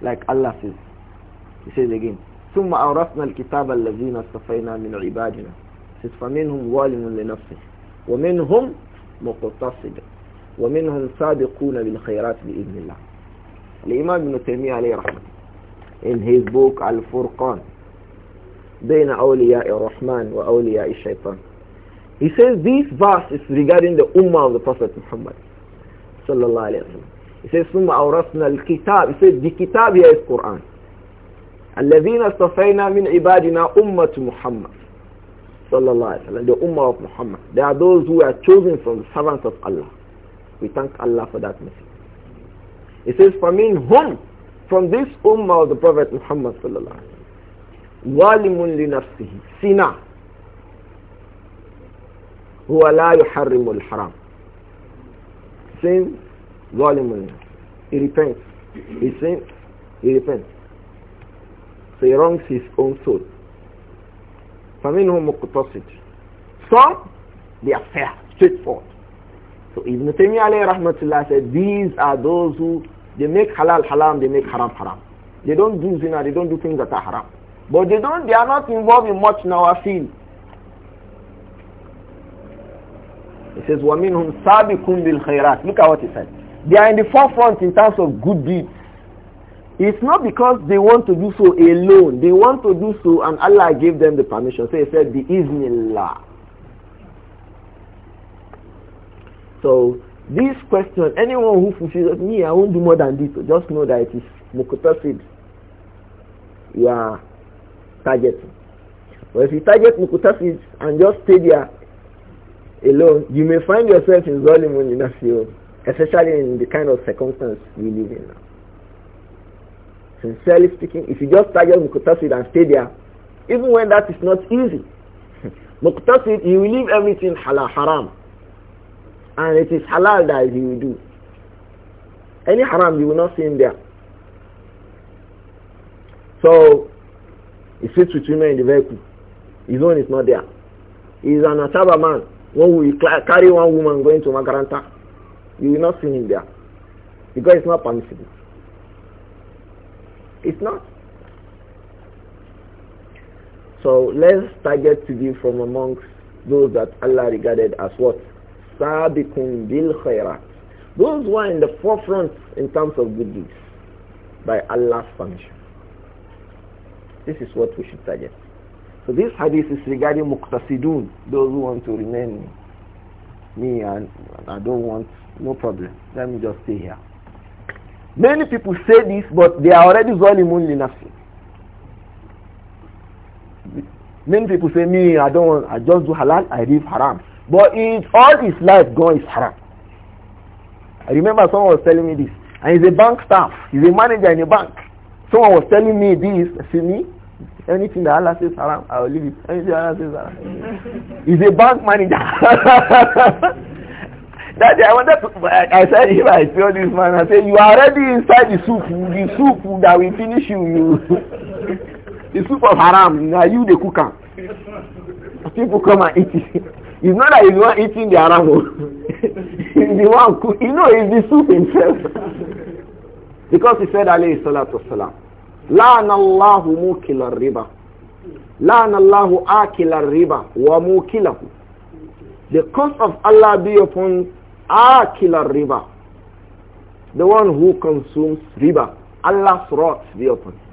Like Allah says. He says again, ثم أورثنا الكتاب الذين اصطفينا من عبادنا فمنهم ظالم لنفسه ومنهم مقتصد ومنهم سابقون بالخيرات بإذن الله الإمام ابن تيمية عليه رحمة in his book Al-Furqan بين أولياء الرحمن وأولياء الشيطان he says this verse is regarding the ummah of the Prophet Muhammad صلى الله عليه وسلم he says ثم أورثنا الكتاب he says the كتاب here is Quran الذين اصطفينا من عبادنا أمة محمد صلى الله عليه وسلم the Ummah of Muhammad they are those who are chosen from the servants of Allah we thank Allah for that mercy. it says فَمِنْ whom? from this Ummah of the Prophet Muhammad صلى الله عليه وسلم ظالم لنفسه سنة هو لا يحرم الحرام sin ظالم he repents he sins he repents so he wrongs his own soul. فَمِنْهُمْ مُقْتَصِدٌ Some, they are fair, straightforward. So Ibn Taymiyyah alayhi rahmatullah said, these are those who, they make halal haram, they make haram haram. They don't do zina, they don't do things that are haram. But they don't, they are not involved in much in our field. He says, وَمِنْهُمْ سَابِقٌ بِالْخَيْرَاتِ Look at what he said. They are in the forefront in terms of good deeds. It's not because they want to do so alone. They want to do so and Allah gave them the permission. So he said, "The iznillah So this question, anyone who fulfills me, I won't do more than this. Just know that it is Muqtasid. You are targeting. But if you target Muqtasid and just stay there alone, you may find yourself in Zolimun Nafsio, especially in the kind of circumstance we live in now. Sincerely speaking, if you just target Muqtasid and stay there, even when that is not easy, [laughs] Muqtasid, he will leave everything halal, haram. And it is halal that he will do. Any haram, you will not see him there. So, he sits with women in the vehicle. His own is not there. He is an Ataba man. When we carry one woman going to Magaranta. You will not see him there. Because it's not permissible. It's not. So let's target to be from amongst those that Allah regarded as what? Sabiqun bil khairat. Those who are in the forefront in terms of good deeds by Allah's permission. This is what we should target. So this hadith is regarding muqtasidun, those who want to remain me and I don't want, no problem. Let me just stay here. Many people say this, but they are already Zalimun Linafsi. Many people say, me, I don't want, I just do halal, I live haram. But in all his life, God is haram. I remember someone was telling me this. And he's a bank staff. He's a manager in a bank. Someone was telling me this. See me? Anything that Allah says haram, I will leave it. Anything that Allah says haram. [laughs] he's a bank manager. [laughs] Daddy, I wanted to, I, said, if I tell this man, I said, you are already inside the soup, the soup that will finish you, you. [laughs] the soup of haram, now you the cooker? People come and eat it. It's not that he's the one eating the haram, oh. [laughs] he's the one cook, you know, it's the soup himself. [laughs] because he said, alayhi salatu wasalam, لعن الله riba, الربا لعن الله riba, wa وموكله The curse of Allah be upon Akila riba. The one who consumes riba. Allah's wrath be upon him.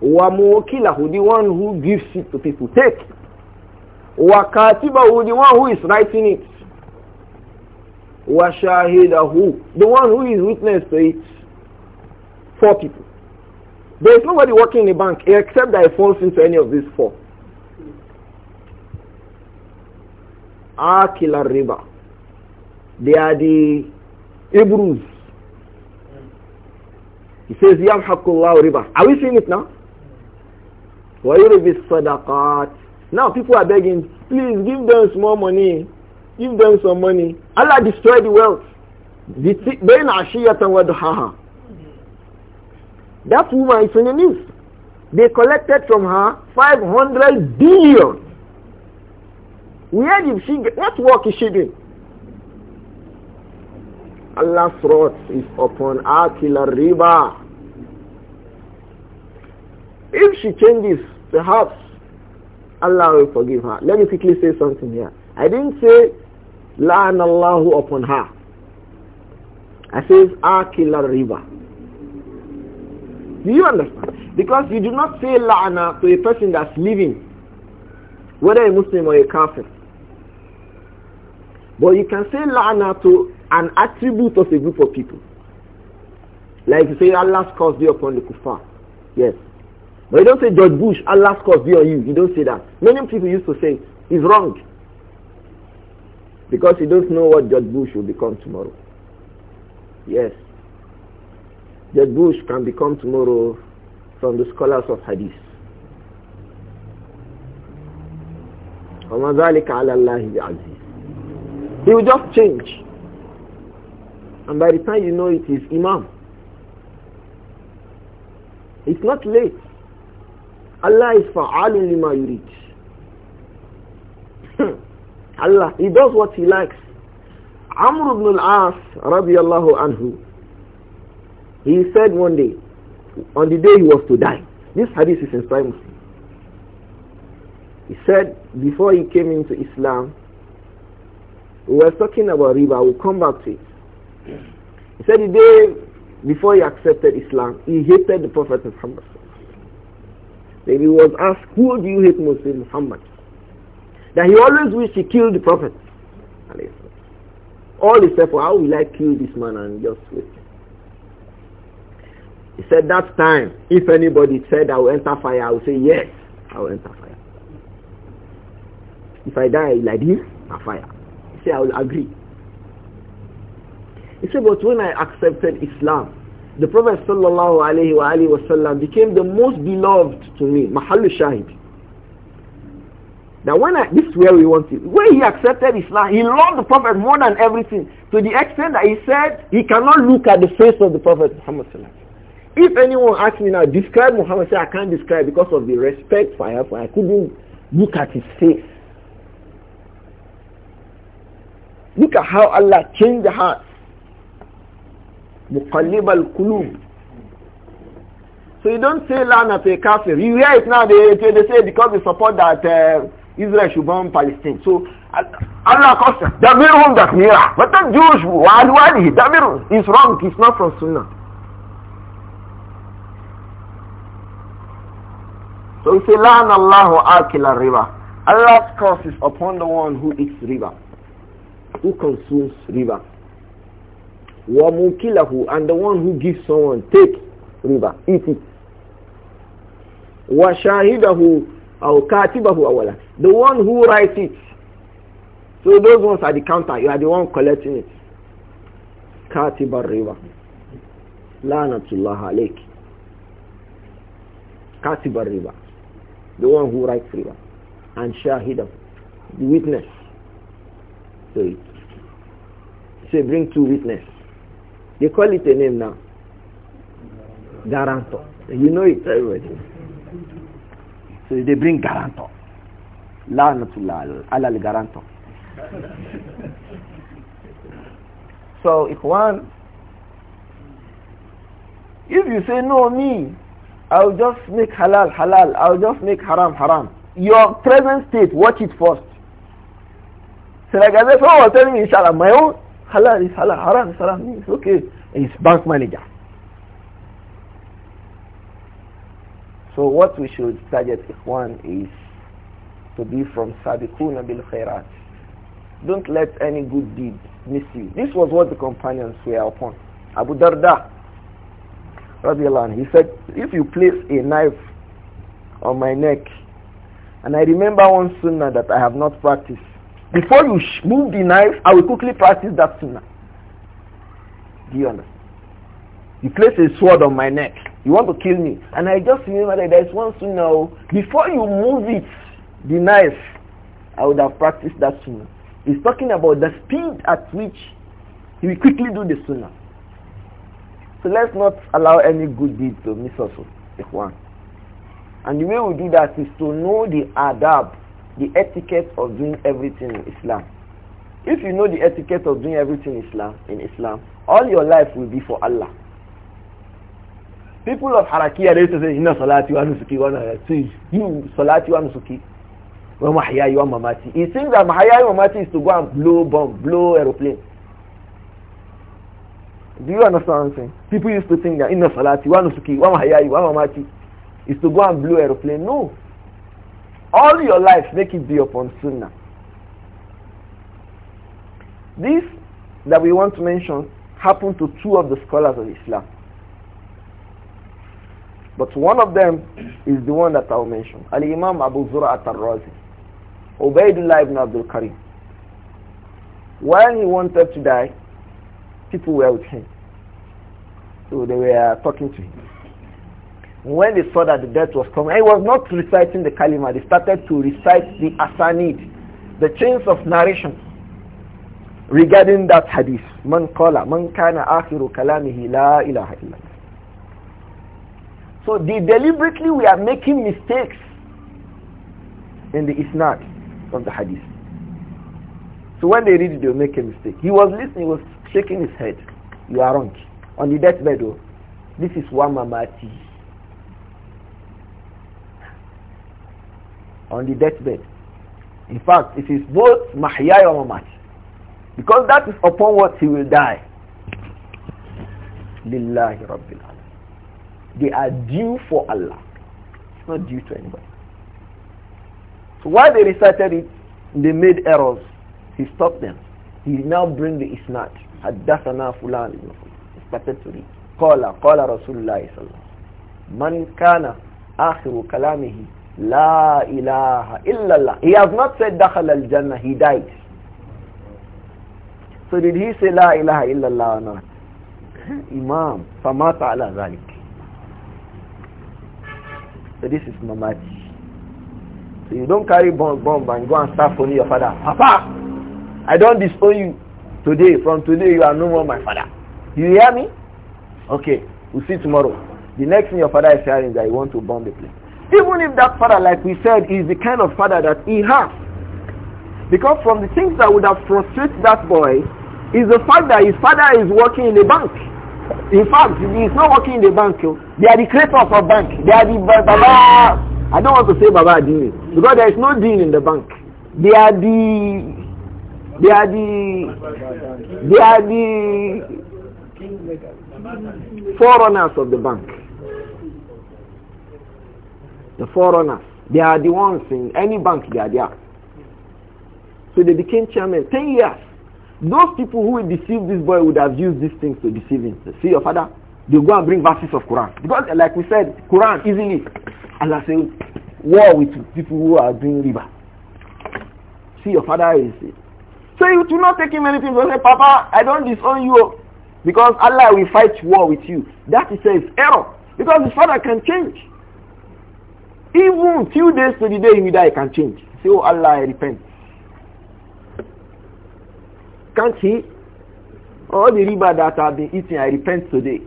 who the one who gives it to people. Take. who the one who is writing it. who the one who is witness to it. Four people. There is nobody working in the bank except that he falls into any of these four. Akila riba. They are the Hebrews. He says, Yamhakullah riba. Are we seeing it now? وَيُرِبِ sadaqat? Now people are begging, please give them small money. Give them some money. Allah destroyed the wealth. That woman is in the news. They collected from her 500 billion. Where did she get, what work is she doing? Allah's wrath is upon Akila Riba. If she changes, perhaps Allah will forgive her. Let me quickly say something here. I didn't say La'an Allahu upon her. I says Akila Riba. Do you understand? Because you do not say La'ana to a person that's living, whether a Muslim or a Kafir. But you can say La'ana to an attribute of a group of people. Like you say, Allah's curse be upon the kuffar. Yes. But you don't say, George Bush, Allah's curse be on you. You don't say that. Many people used to say, he's wrong. Because you don't know what George Bush will become tomorrow. Yes. George Bush can become tomorrow from the scholars of hadith. وما ذلك على الله بعزيز. He will just change and by the time you know it is Imam. It's not late. Allah is fa'alun lima yurid. [laughs] Allah, He does what He likes. Amr ibn al-As, radiallahu anhu, he said one day, on the day he was to die, this hadith is inspiring. Muslim. He said, before he came into Islam, we were talking about riba, we'll come back to it. He said the day before he accepted Islam, he hated the Prophet Muhammad. Then he was asked, who do you hate most in Muhammad? That he always wished he killed the Prophet. All he said, for how will I kill this man and just wait? He said, that time, if anybody said I will enter fire, I will say, yes, I will enter fire. If I die like this, a fire. He said, I will agree. He said, but when I accepted Islam, the Prophet sallallahu alaihi wasallam became the most beloved to me, Mahalu Shahid. Now when I, this is where we want to, when he accepted Islam, he loved the Prophet more than everything to the extent that he said he cannot look at the face of the Prophet Muhammad sallallahu if anyone asks me now, describe Muhammad, say I can't describe because of the respect for him, I couldn't look at his face. Look at how Allah changed the heart. Muqallib al-Qulub. So you don't say land to a kafir. You hear it now, they, they say because they support that uh, Israel should bomb Palestine. So uh, Allah calls them, Damirun Dakmira. But that Jewish, Wadwadi, Damirun, is wrong. It's not from Sunnah. So you say, Lana Allahu akila riba. Allah's curse is upon the one who eats river. who consumes river. وَمُوكِلَهُ And the one who gives someone, take river eat it. وَشَاهِدَهُ أَوْ كَاتِبَهُ أَوَلًا The one who writes it. So those ones are the counter. You are the one collecting it. كَاتِبَ river. لَعْنَةُ اللَّهَ عَلَيْكِ كَاتِبَ river, The one who writes river, And shahidah, the witness. So, it, so bring two witnesses. They call it a name now. Guarantor. You know it already. So they bring guarantor. La natullah al guarantor. [laughs] So if one, if you say no me, I'll just make halal halal, I'll just make haram haram. Your present state, watch it first. So like I said, someone was telling me, inshallah, my own halal is halal, haram is haram. It's okay. he's bank manager. So what we should target Ikhwan is to be from Sabiquna bil khairat. Don't let any good deed miss you. This was what the companions were upon. Abu Darda, radiallahu he said, if you place a knife on my neck, and I remember one sunnah that I have not practiced, before you move the knife, I will quickly practice that sooner. Do you understand? You place a sword on my neck. You want to kill me. And I just remember that there is one know oh, Before you move it, the knife, I would have practiced that sooner. He's talking about the speed at which he will quickly do the sooner. So let's not allow any good deed to miss us. one, oh, And the way we do that is to know the adab the etiquette of doing everything in Islam. If you know the etiquette of doing everything in Islam, in Islam, all your life will be for Allah. People of Harakiya, they used to say, Inna salati wa nusuki wa You, salati wa nusuki. Wa mahayai wa mamati. It seems that mahayai wa mamati is to go and blow bomb, blow aeroplane. Do you understand what I'm saying? People used to think that Inna salati wa nusuki wa mahayai wa mamati is to go and blow aeroplane. No. All your life, make it be upon Sunnah. This that we want to mention happened to two of the scholars of Islam. But one of them is the one that I'll mention. Al-Imam Abu Zura al-Razi. Ubaidullah ibn Abdul Karim. When he wanted to die, people were with him. So they were talking to him. When they saw that the death was coming, he was not reciting the kalima. They started to recite the asanid, the chains of narration regarding that hadith. Man qala, man kana akhiru kalamihi la ilaha illallah. So they deliberately we are making mistakes in the isnad of the hadith. So when they read it, they'll make a mistake. He was listening, he was shaking his head. You are wrong. On the deathbed, though, this is one mamati. on the deathbed. In fact, it is both Mahya or Mamat. Because that is upon what he will die. Lillahi Rabbil They are due for Allah. It's not due to anybody. So while they recited it, they made errors. He stopped them. He now bring the isnad. حدثنا فلان ابن فلان started to read قال قال Rasulullah الله صلى الله عليه وسلم من كان آخر La ilaha illallah. He has not said dakhal al-jannah, he died. So did he say la ilaha illallah or not? [laughs] Imam, famata ala zalik. So this is mamati. So you don't carry bomb, bomb and go and start phoning your father. Papa, I don't disown you today. From today you are no more my father. You hear me? Okay, we'll see tomorrow. The next thing your father is hearing is that you want to bomb the place. Even if that father, like we said, is the kind of father that he has. Because from the things that would have frustrated that boy is the fact that his father is working in a bank. In fact, he is not working in the bank. Oh. They are the creators of bank. They are the Baba. I don't want to say Baba Dean because there is no Dean in the bank. They are the they are the they are the forerunners of the bank the foreigners. They are the ones in any bank, they are there. So they became chairman. Ten years. Those people who deceived this boy would have used these things to deceive him. They see your father? They go and bring verses of Quran. Because like we said, Quran easily. As I say, war with people who are doing riba. See your father is... So you do not take him anything. You say, Papa, I don't disown you. Because Allah will fight war with you. That is says error. Because his father can change. Even few days to the day you die, can change. Say, oh Allah, I repent. Can't he? All the riba that I've been eating, I repent today.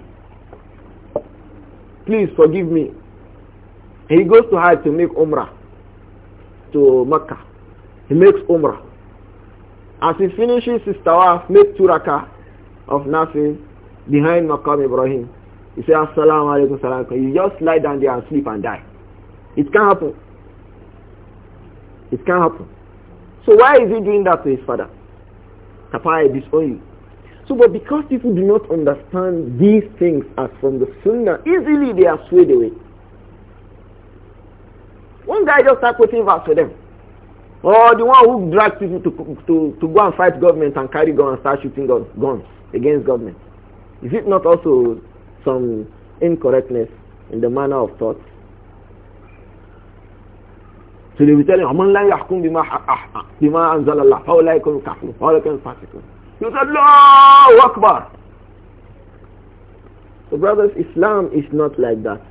Please forgive me. He goes to Hajj to make Umrah, to Mecca. He makes Umrah. As he finishes his tawaf, make two of nothing behind Maqam Ibrahim. He says, Assalamu alaikum, salam. You just lie down there and sleep and die. It can happen. It can happen. So why is he doing that to his father? Tapaya disown you. So but because people do not understand these things as from the sunnah, easily they are swayed away. One guy just start quoting verse for them. Or the one who drags people to, to, to go and fight government and carry gun and start shooting guns, guns against government. Is it not also some incorrectness in the manner of thought? So they'll telling him, Man la yahkum bima ah, ah, anzal Allah. How la yakun kafir? How la yakun fasikun? He said, Allahu Akbar. So brothers, Islam is not like that.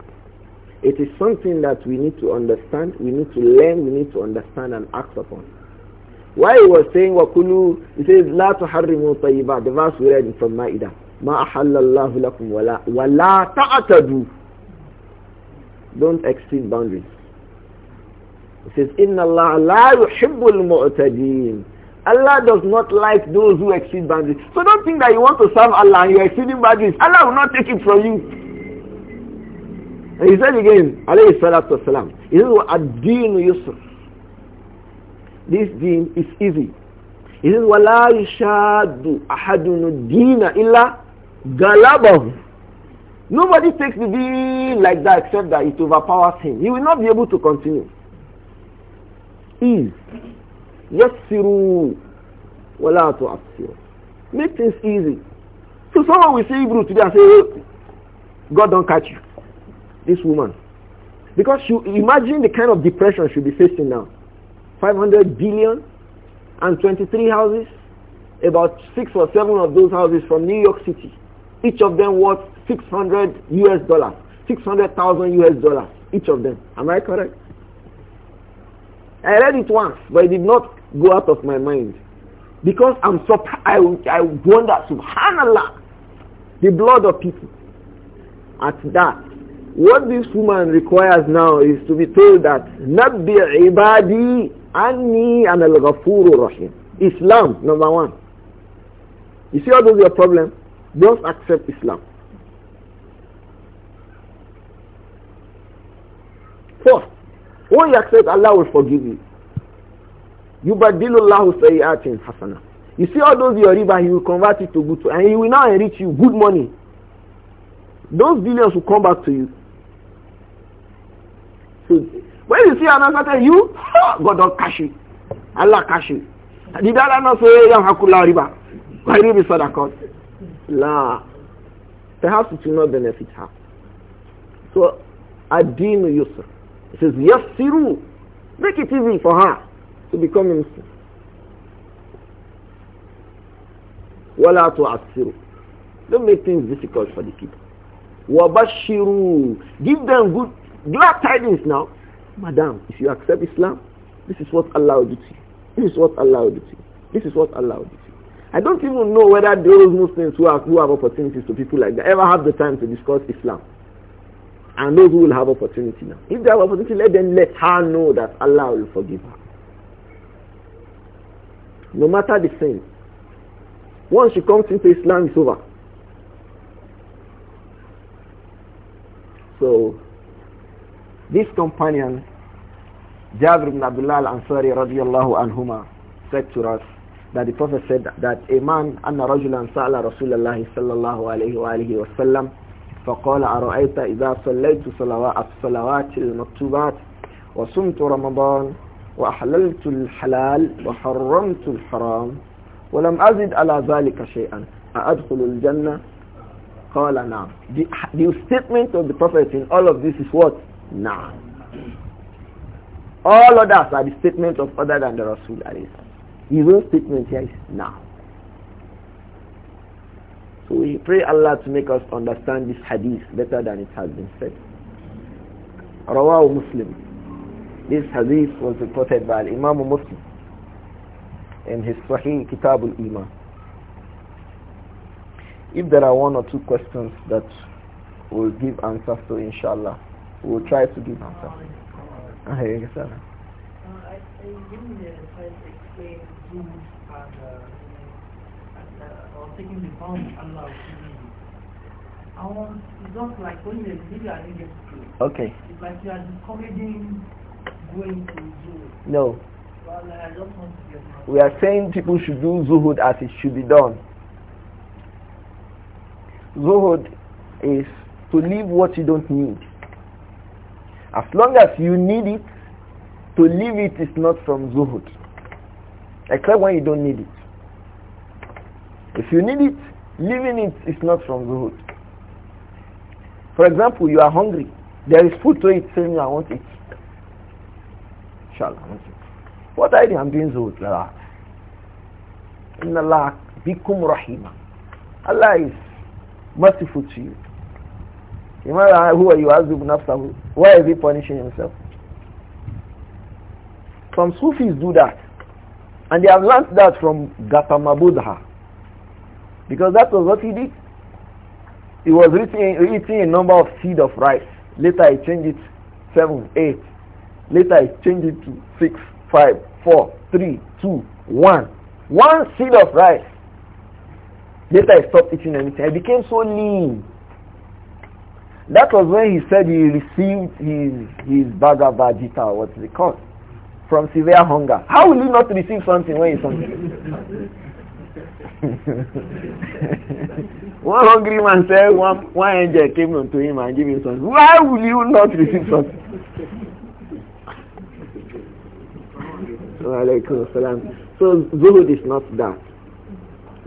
It is something that we need to understand, we need to learn, we need to understand and act upon. Why he was saying wakulu, he says la tuharrimu tayyibat. The verse we read from Maida. Ma ahallallahu lakum wala wala ta'tadu. Don't exceed boundaries. It says, Inna Allah la yuhibbul mu'tadeen. Allah does not like those who exceed boundaries. So don't think that you want to serve Allah and you're exceeding boundaries. Allah will not take it from you. And he said again, alayhi salatu wasalam, he says, ad-deen This deen is easy. He says, وَلَا يُشَادُ أَحَدٌ الدِّينَ إِلَّا غَلَبَهُ Nobody takes the deen like that except that it overpowers him. He will not be able to continue ease. Yassiru wala tu'assiru. Make things easy. So someone will see Hebrew today and say, God don't catch you. This woman. Because you imagine the kind of depression she'll be facing now. 500 billion and 23 houses. About six or seven of those houses from New York City. Each of them worth 600 US dollars. 600,000 US dollars. Each of them. Am I correct? I read it once, but it did not go out of my mind. Because I'm surprised, I, I wonder, subhanallah, the blood of people. At that, what this woman requires now is to be told that, نَبِّ عِبَادِي أَنِّي أَنَا الْغَفُورُ الرَّحِيمُ Islam, number one. You see what is your problem? Just accept Islam. First, when you accept, Allah will forgive you. You badilullahu sayyatin hasana. You see all those your riba, he will convert it to good, and he will now enrich you good money. Those billions will come back to you. So when you see an tell you, God don't cash you. Allah cash you. Did Allah not say, Yamhakula riba? Why do you be La. Perhaps it will not benefit her. So, adinu Yusuf. He says, Yassiru. Make it easy for her to become a Muslim. Wala tu'assiru. Don't make things difficult for the people. Wabashiru. Give them good, glad tidings now. Madam, if you accept Islam, this is what Allah will do to you. This is what Allah will do to you. This is what Allah will do to you. I don't even know whether those Muslims who have, who have opportunities to people like that ever have the time to discuss Islam. And those who will have opportunity now. If they have opportunity, let them let her know that Allah will forgive her. No matter the sin. Once she comes into Islam, it's over. So, this companion, Jabir ibn Abdullah al-Ansari radiallahu anhuma, said to us that the Prophet said that a man, أن رجلا سأل رسول الله صلى الله عليه وآله وسلم فقال أرأيت إذا صليت الصلوات المكتوبات وصمت رمضان وأحللت الحلال وحرمت الحرام ولم أزد على ذلك شيئا أدخل الجنة قال نعم the, the statement of the prophet in all of this is what نعم all others are the statement of other than the Rasul his own statement here is نعم So we pray Allah to make us understand this hadith better than it has been said. Rawahu Muslim. This hadith was reported by Imam Muslim in his Sahih Kitab al-Iman. If there are one or two questions that will give answers to, inshallah, we'll try to give answers. Uh, I, I, explain and uh, or taking the form of Allah I want, it's not like when you're busy, I think it's true. Okay. It's like you are discouraging going to zuhud. No. we are saying people should do zuhud as it should be done. Zuhud is to leave what you don't need. As long as you need it, to leave it is not from zuhud. Except when you don't need it. If you need it, leaving it is not from zuhud. For example, you are hungry. There is food to eat, saying I want it. Inshallah, I want it. What I do, I'm doing zuhud. Inna Allah bikum rahima. Allah is merciful to you. No uh, who are you Azub Nafsahu, why is he punishing himself? Some Sufis do that. And they have learnt that from Gautama Buddha. Because that was what he did. He was eating, eating a number of seed of rice. Later he changed it seven, eight. Later he changed it to six, five, four, three, two, one. One seed of rice. Later he stopped eating anything. He became so lean. That was when he said he received his, his Bhagavad Gita, what's it called, from severe hunger. How will you not receive something when you hungry? [laughs] one hungry man said one, one angel came unto him and gave him something. Why will you not receive something? so zuhud is not that.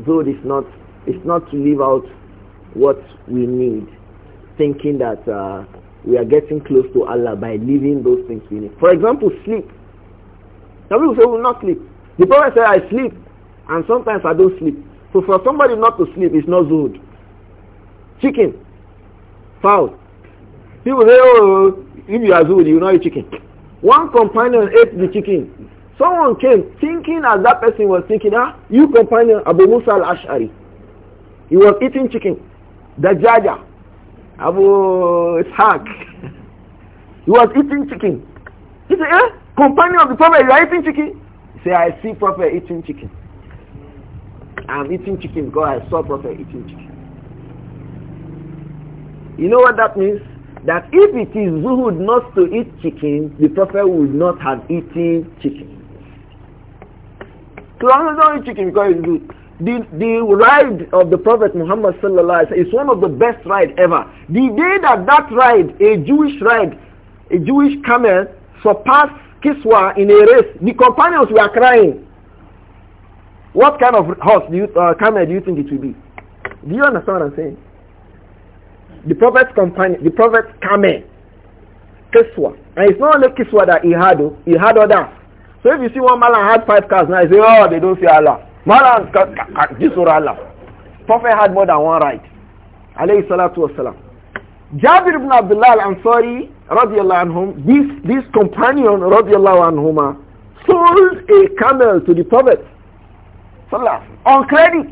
Zuhud is not, it's not to leave out what we need, thinking that uh, we are getting close to Allah by leaving those things we need. For example, sleep. Some people say we will not sleep. The Prophet said, I sleep, and sometimes I don't sleep. So for somebody not to sleep is not zuhud. Chicken, fowl. People say, oh, if you are zuhud, you know not eat chicken. One companion ate the chicken. Someone came thinking as that person was thinking, ah, you companion, Abu Musa al-Ash'ari. He was eating chicken. jaja, Abu Ishaq. [laughs] he was eating chicken. He said, eh? Companion of the Prophet, you are eating chicken? He said, I see Prophet eating chicken. I'm eating chicken because I saw Prophet eating chicken. You know what that means? That if it is zuhud not to eat chicken, the Prophet would not have eaten chicken. So I'm not eat chicken because it's good. The, the ride of the Prophet Muhammad is one of the best ride ever. The day that that ride, a Jewish ride, a Jewish camel, surpassed Kiswa in a race, the companions were crying. What kind of horse do you, uh, camel do you think it will be? Do you understand what I'm saying? The prophet's companion, the prophet's camel, Kiswa. And it's not only Kiswa that he had, oh. he had others. So if you see one Malan had five cars now, you say, oh, they don't see Allah. Malan, this or Allah. Prophet had more than one right. Alayhi salatu wasalam. Jabir ibn Abdullah al-Ansari, radiallahu anhum, this, this companion, radiallahu anhuma, sold a camel to the Prophet on credit.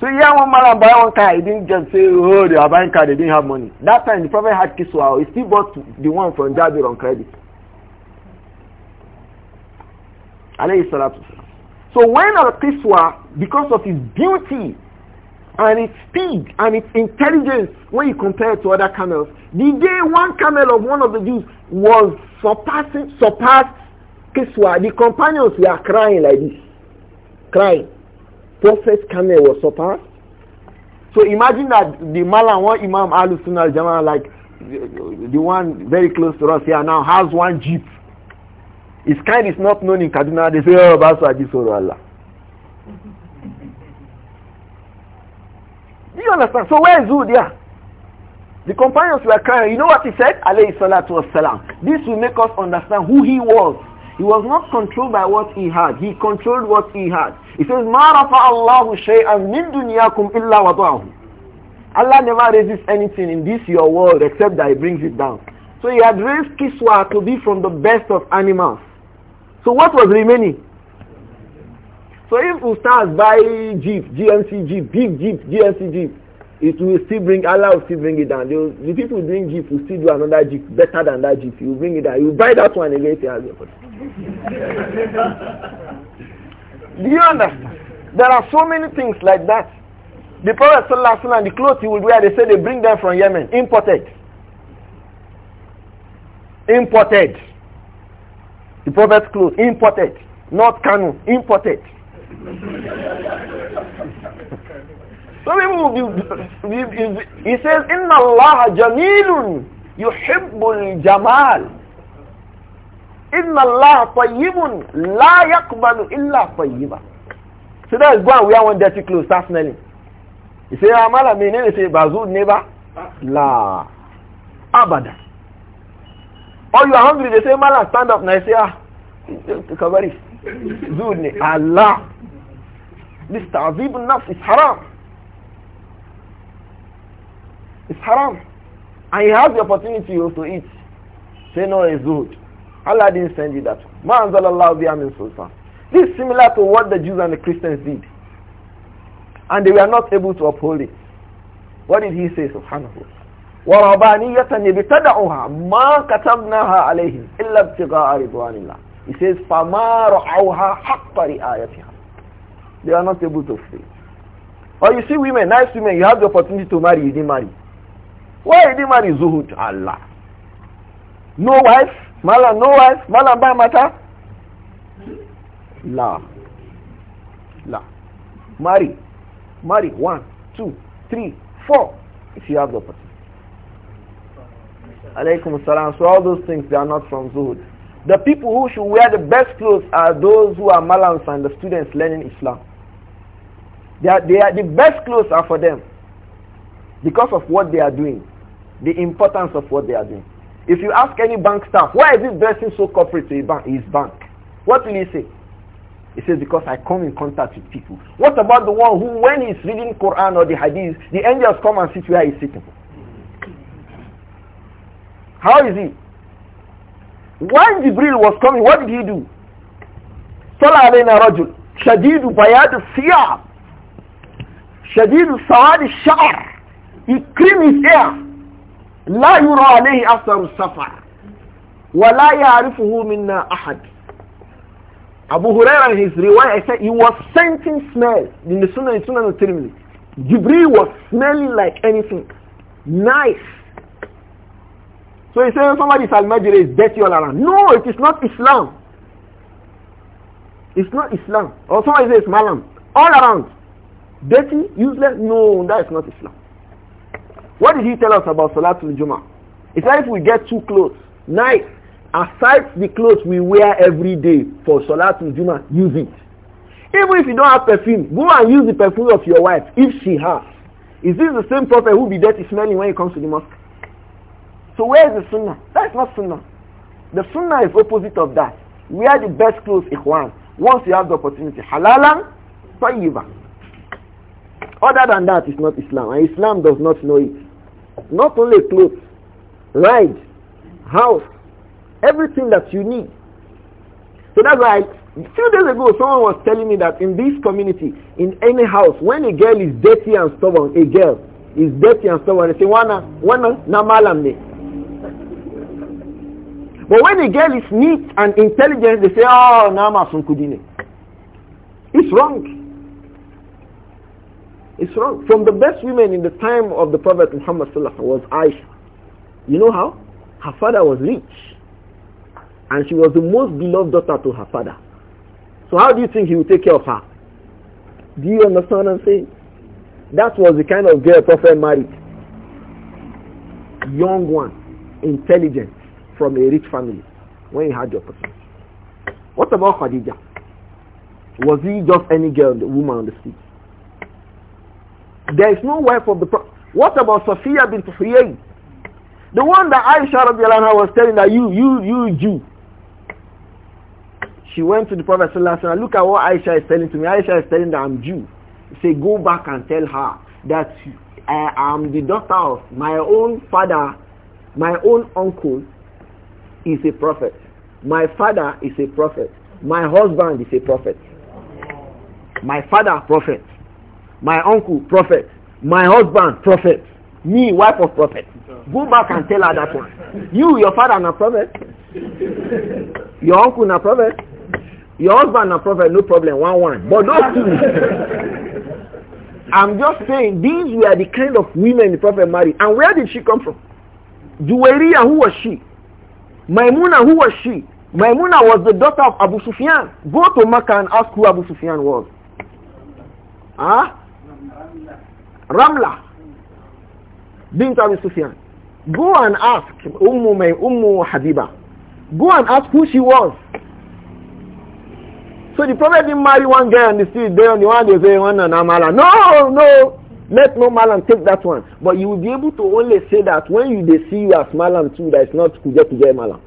So yeah, one man and buy one car, he didn't just say, oh, they are buying car, they didn't have money. That time the prophet had kiswa, he still bought the one from Jabir on credit. So when al Kiswa, because of his beauty and its speed and its intelligence, when you compare it to other camels, the day one camel of one of the Jews was surpassing, surpassed Kiswa, the companions were crying like this. Crying. Prophet Kamel was surpassed. So imagine that the Malam, one Imam Al Sunnah Jama, like the, one very close to us here now, has one jeep. His kind is not known in Kaduna. They say, oh, Basu Ajisoro Allah. Do you understand? So where is Hud The companions were crying. You know what he said? Alayhi salatu wassalam. This will make us understand who he was. He was not controlled by what he had. He controlled what he had. He says, مَا رَفَعَ اللَّهُ شَيْئًا مِنْ دُنْيَاكُمْ إِلَّا وَضَعَهُ Allah never raises anything in this your world except that he brings it down. So he had raised Kiswa to be from the best of animals. So what was remaining? So if Ustaz buy Jeep, GMC Jeep, big Jeep, GMC Jeep, it will still bring Allah will still bring it down. the, people doing jeep will still do another jeep better than that jeep. You bring it down. You buy that one again. [laughs] do you understand? There are so many things like that. The Prophet and the clothes he would wear, they say they bring them from Yemen, imported. Imported. The Prophet's clothes, imported. Not Kanu, imported. [laughs] So people will be, he says, Inna Allah jamilun yuhibbul jamal. Inna Allah tayyibun la Yakbalu illa tayyiba. So that is why we are one dirty clothes, start smelling. He say, Amala ah, he say, Bazud neba? La. Abada. Or you are hungry, they say, Mala, stand up. Now you say, ah, kabari. Zud ne. Allah. This ta'zib nafs is haram. It's haram. And he has the opportunity to eat. Say no, it's good. Allah didn't send you that. Allah This is similar to what the Jews and the Christians did. And they were not able to uphold it. What did he say, subhanahu ورهبانية ابتدعوها ما كتبناها عليهم إلا ابتغاء رضوان الله He says فما رعوها حق رعايتها They are not able to free. Or you see women, nice women, you have the opportunity to marry, you didn't marry. Why did he marry Zuhud? Allah. No wife? Malam, no wife? Malam by matter? La. La. Marry. Marry. One, two, three, four. If you have the opportunity. Alaykum salam. So all those things, they are not from Zuhud. The people who should wear the best clothes are those who are Malams and the students learning Islam. They are, they are, the best clothes are for them because of what they are doing, the importance of what they are doing. If you ask any bank staff, why is this person so corporate to bank, his bank? What will he say? He says, because I come in contact with people. What about the one who, when he's reading Quran or the Hadith, the angels come and sit where he's sitting? How is he? When Jibril was coming, what did he do? Salah alayna rajul. Shadidu bayadu siyab. Shadidu sawad sha'r. He cream his hair. لا يرى عليه أثر السفر ولا يعرفه منا أحد Abu Huraira in his riwayah said he was scenting smell in the Sunnah in Sunnah al-Tirmidhi. Jibril was smelling like anything. Nice. So he said "Somebody al-Majri is dirty all around. No, it is not Islam. It's not Islam. Or somebody says Malam. All around. Dirty, useless. No, that is not Islam. What did he tell us about Salatul Jummah? He said if we get two clothes, nice. Aside the clothes we wear every day for Salatul Jummah, use it. Even if you don't have perfume, go and use the perfume of your wife if she has. Is this the same prophet who be dirty smelling when he comes to the mosque? So where is the sunnah? That's not sunnah. The sunnah is opposite of that. Wear the best clothes, ikhwan, once you have the opportunity. Halalan, tayyiba. Other than that, it's not Islam. And Islam does not know it not only clothes, ride, house, everything that you need. So that's why A few days ago someone was telling me that in this community, in any house, when a girl is dirty and stubborn, a girl is dirty and stubborn, they say, wana, wana, na But when a girl is neat and intelligent, they say, oh, na It's wrong. It's wrong. From the best women in the time of the Prophet Muhammad was Aisha. You know how? Her father was rich. And she was the most beloved daughter to her father. So how do you think he would take care of her? Do you understand what I'm saying? That was the kind of girl Prophet married. Young one, intelligent, from a rich family, when he had the opportunity. What about Khadija? Was he just any girl, the woman on the street? There is no wife of the Prophet. What about Safiya bint Huyay? The one that Aisha anha was telling that you, you, you you. She went to the Prophet sallallahu alaihi Look at what Aisha is telling to me. Aisha is telling that I'm Jew. Say go back and tell her that I am the daughter of my own father, my own uncle is a prophet. My father is a prophet. My husband is a prophet. My father prophet. My uncle, prophet. My husband, prophet. Me, wife of prophet. Go back and tell her that one. You, your father, not prophet. Your uncle, not prophet. Your husband, not prophet. No problem. One, one. But those two. [laughs] I'm just saying, these were the kind of women the prophet married. And where did she come from? Juwairiya, who was she? Maimuna, who was she? Maimuna was the daughter of Abu Sufyan. Go to Makkah and ask who Abu Sufyan was. Huh? Ramla bint Abi Sufyan. Go and ask Ummu, May, Ummu Habiba. Go and ask who she was. So the prophet didn't marry one guy and they street. there only the one they say one and Amala. No, no. Let no Malam take that one. But you will be able to only say that when you they see you as Malam too, that it's not Kuje Kuje Malam.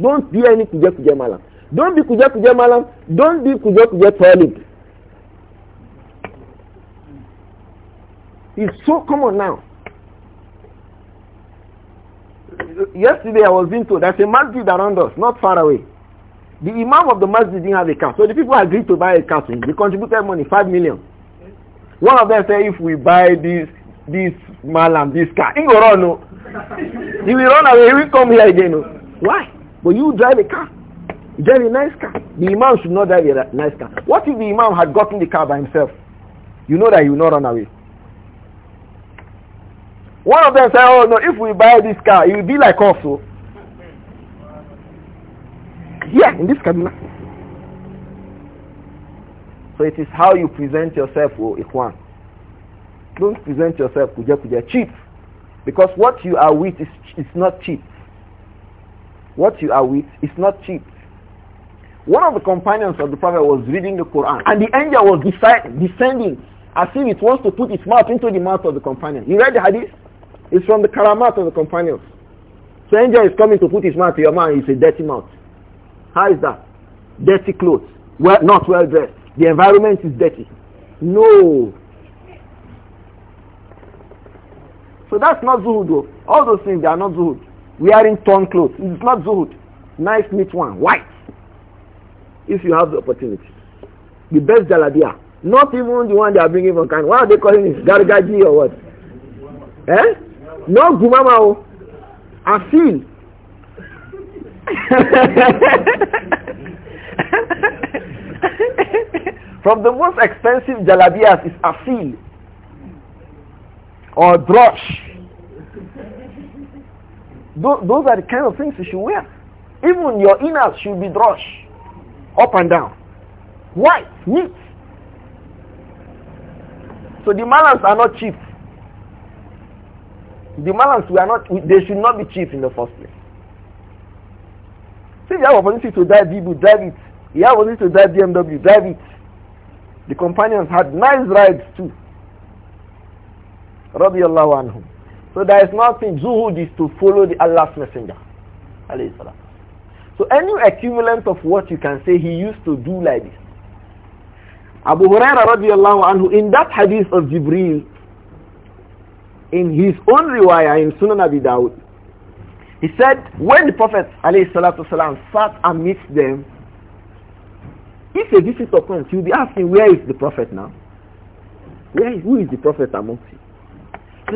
Don't be any Kuje Kuje Malam. Don't be Kuje Kuje Malam. Don't be Kuje Kuje Toilet. It's so common now. Yesterday I was into there's a masjid around us, not far away. The imam of the masjid didn't have a car, so the people agreed to buy a car for him. They contributed money, five million. One of them said, if we buy this this malam, this car, he will run. No. Oh. [laughs] he will run away. He will come here again. No. Oh. Why? But you drive a car. You drive a nice car. The imam should not drive a nice car. What if the imam had gotten the car by himself? You know that he will not run away. One of them said, oh no, if we buy this car, it will be like us. So. Oh. Yeah, in this cabinet. So it is how you present yourself, O oh, Ikhwan. Don't present yourself kuja kuja cheap. Because what you are with is, is not cheap. What you are with is not cheap. One of the companions of the Prophet was reading the Quran and the angel was descending as if it wants to put its mouth into the mouth of the companion. You read the hadith? It's from the karamat of the companions. So angel is coming to put his mouth to your mouth. It's a dirty mouth. How is that? Dirty clothes. Well, not well dressed. The environment is dirty. No. So that's not zuhud. All those things, they are not zuhud. Wearing torn clothes. It's not zuhud. Nice, neat one. White. If you have the opportunity. The best jaladia. Not even the one they are bringing from Canada. Why are they calling it gargaji or what? Eh? No gumama o afil from the most expensive jalabias is afil or drush. those are the kind of things you should wear even your inners should be drush, up and down white neat so the malas are not cheap the Malams were not, they should not be chief in the first place. Since you have opportunity to drive people, drive it. You have opportunity to drive BMW, drive it. The companions had nice rides too. Radiallahu anhum. So there is nothing, zuhud is to follow the Allah's messenger. So any equivalent of what you can say he used to do like this. Abu Huraira radiallahu anhu, in that hadith of Jibril, in his own riwayah in Sunan Abi Dawud, he said, when the Prophet والسلام, sat amidst them, if a visitor comes, you'll be asking, where is the Prophet now? Where is, who is the Prophet amongst you?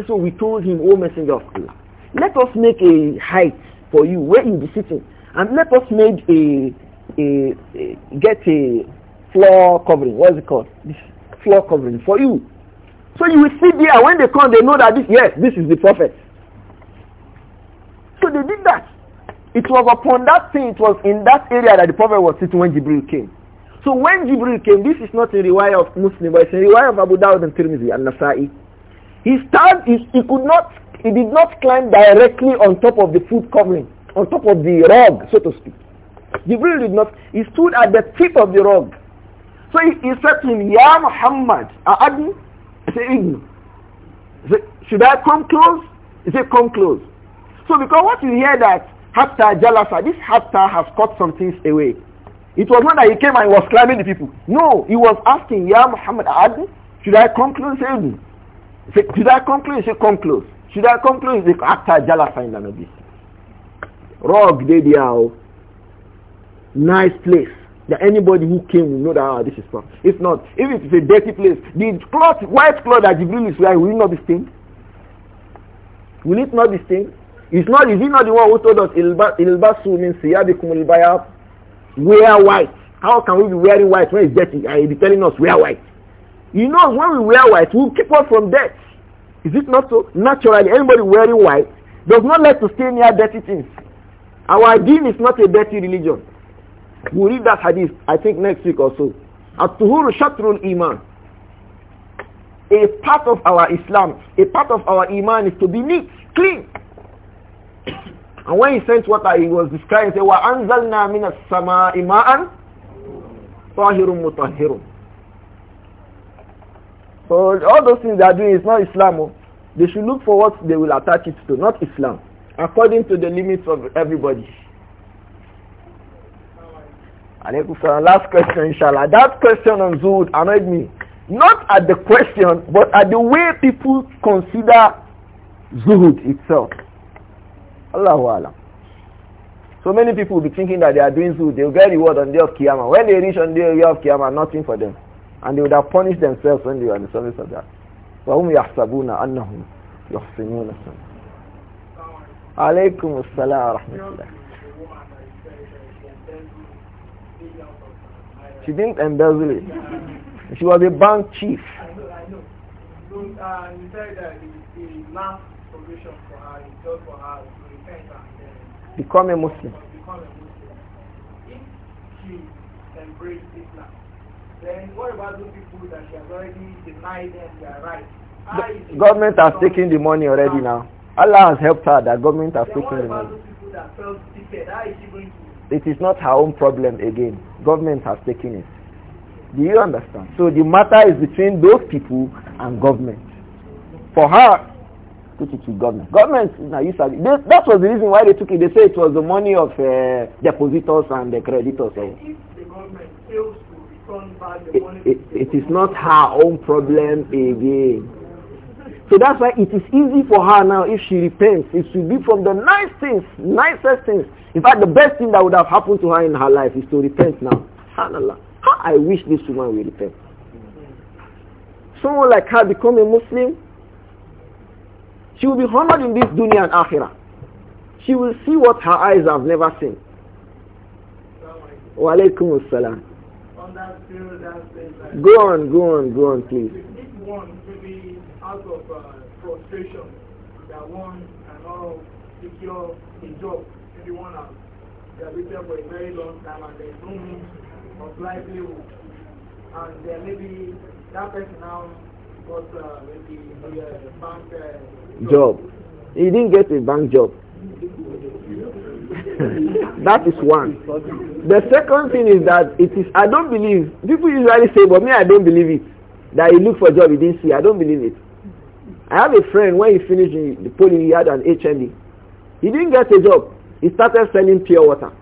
So we told him, O Messenger of Allah, let us make a height for you where you'll be sitting, and let us make a, a, a get a floor covering. What is it called? This floor covering for you so you will see there, when they come, they know that this, yes, this is the prophet. So they did that. It was upon that thing, it was in that area that the prophet was sitting when Jibril came. So when Jibril came, this is not a riwayah of Muslim, but it's a riwayah of Abu Dawud and Tirmidhi and Nasa'i. He stand, he, he could not, he did not climb directly on top of the food covering, on top of the rug, so to speak. Jibril did not, he stood at the tip of the rug. So he, he said to him, Ya Muhammad, A'adni saying, should I come close? He said, come close. So because what you hear that Haftar Jalasa, this Haftar has cut some things away. It was not that he came and was climbing the people. No, he was asking, Ya Muhammad, Adi, should I come close? He said, should I come close? He said, come close. Should I come close? He said, Haftar Jalasa in the Rog, they, they are nice place. That anybody who came will know that ah, this is from. If not, if it is a dirty place, the cloth, white cloth that Jibril is wearing, will it not be stained? Will it not be stained? It's not, is he not the one who told us, Ilbasu means Siyabikum Ilbayab? Wear white. How can we be wearing white when it's dirty? And ah, he be telling us, wear white. He knows when we wear white, we'll keep us from death. Is it not so? Naturally, anybody wearing white does not like to stay near dirty things. Our deen is not a dirty religion. We'll read that hadith, I think, next week or so. At-tuhuru shatrul iman. A part of our Islam, a part of our iman is to be neat, clean. [coughs] And when he sent water, he was describing, he said, وَأَنزَلْنَا مِنَ السَّمَاءِ مَاءً طَاهِرٌ مُطَهِّرٌ So all those things they are doing is not Islam. Oh. They should look for what they will attach it to, not Islam, according to the limits of everybody. Alaykum salam. Last question, inshallah. That question on Zuhud annoyed me. Not at the question, but at the way people consider Zuhud itself. Allahu Alam. So many people will be thinking that they are doing Zuhud. They'll get reward on the day of Qiyamah. When they reach on the day of Qiyamah, nothing for them. And they would have punished themselves when they were in the service of that. وهم يحسبون أنهم يحسنون السنة عليكم السلام ورحمة الله She didn't embezzle it. She was a bank chief. I know, I know. So, uh, you said that the, the last solution for her is for her to repent and become a Muslim. Become a Muslim. If she embraced Islam, then what about those people that she has already denied them their rights? The government has taken the money already ah. now. Allah has helped her. The government has taken the money. How is she going to it is not her own problem again. Government has taken it. Do you understand? So the matter is between those people and government. For her, put it to government. Government, now you said, that was the reason why they took it. They say it was the money of uh, depositors and the creditors. So. If the government fails to return back the money, it, it, it is not her own problem again. So that's why it is easy for her now if she repents. It should be from the nice things, nicest things. In fact, the best thing that would have happened to her in her life is to repent now. Subhanallah. How I wish this woman will repent. Someone like her become a Muslim, she will be honored in this dunya and akhirah. She will see what her eyes have never seen. Wa alaikum Go on, go on, go on, please. This one, out of uh, frustration that one all secure a job. Everyone has graduated for a very long time and there's no means of livelihood. And uh, maybe that person now got uh, maybe the uh, bank uh, job. He didn't get a bank job. [laughs] that is one. The second thing is that it is, I don't believe, people usually say, but me, I don't believe it, that he looked for a job, he didn't see. I don't believe it. I have a friend, when he finished the, the poly, he had an HND. He didn't get a job. He started selling pure water,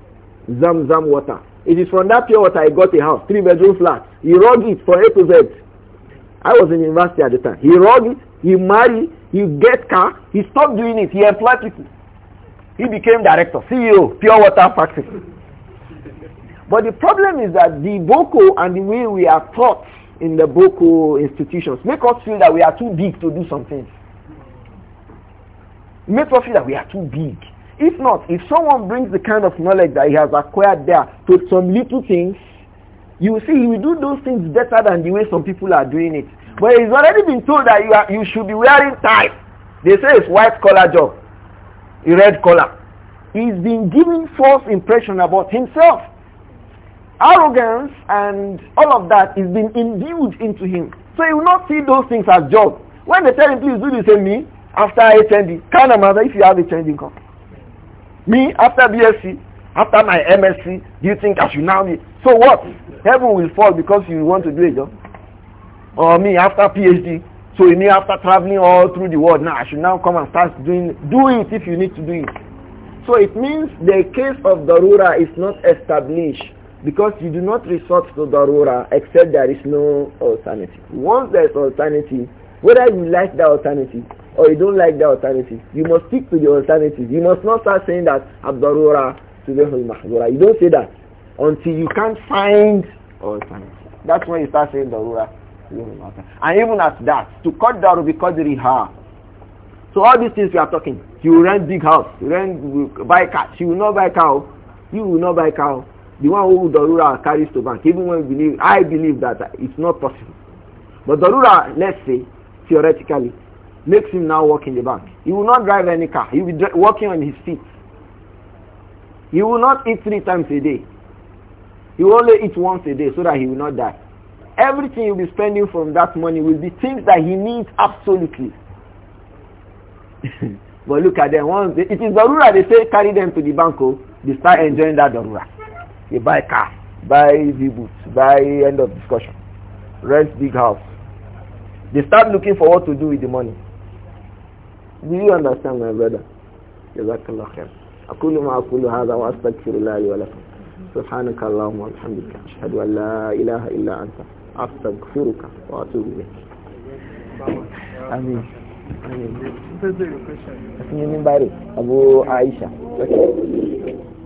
Zam Zam water. It is from that pure water he got a house, three-bedroom flat. He rugged it for A to Z. I was in university at the time. He rugged it, he married, he get car, he stopped doing it, he employed people. He became director, CEO, pure water factory. but the problem is that the Boko and the way we are taught in the Boko oh, institutions make us feel that we are too big to do something. Make us feel that we are too big. If not, if someone brings the kind of knowledge that he has acquired there to some little things, you will see he will do those things better than the way some people are doing it. But he's already been told that you, are, you should be wearing tie. They say it's white collar job, a red collar. He's been giving false impression about himself. Arrogance and all of that is being imbued into him. So he will not see those things as job. When they tell him, please do this in me, after HND, can of mother if you have a changing income? Me, after BSc, after my MSc, do you think I should now be? So what? Heaven will fall because you want to do a job. Or me, after PhD, so me after traveling all through the world, now I should now come and start doing, do it if you need to do it. So it means the case of Darura is not established. Because you do not resort to darura except there is no alternative. Once there is alternative, whether you like that alternative or you don't like that alternative, you must stick to the alternative. You must not start saying that abdarura the mahdura. You don't say that until you can't find alternative. That's when you start saying darura. And even at that, to cut down because the riha. So all these things we are talking, you rent big house, rent, buy car. She will not buy cow. You will not buy cow the one who Dorura carries to bank, even when we believe, I believe that it's not possible. But Dorura, let's say, theoretically, makes him now work in the bank. He will not drive any car. He will be walking on his feet. He will not eat three times a day. He will only eat once a day so that he will not die. Everything he will be spending from that money will be things that he needs absolutely. [laughs] but look at them. Once they, it is Dorura, they say carry them to the bank. Oh, they start enjoying that Dorura. Say buy car, buy the boots buy end of discussion. Rent big house. They start looking for what to do with the money. Do you understand my brother? جزاك الله أقول ما أقول هذا وأستغفر الله لي ولكم. سبحانك اللهم وبحمدك أشهد أن لا إله إلا أنت أستغفرك وأتوب إليك. آمين. Abu Aisha. Okay.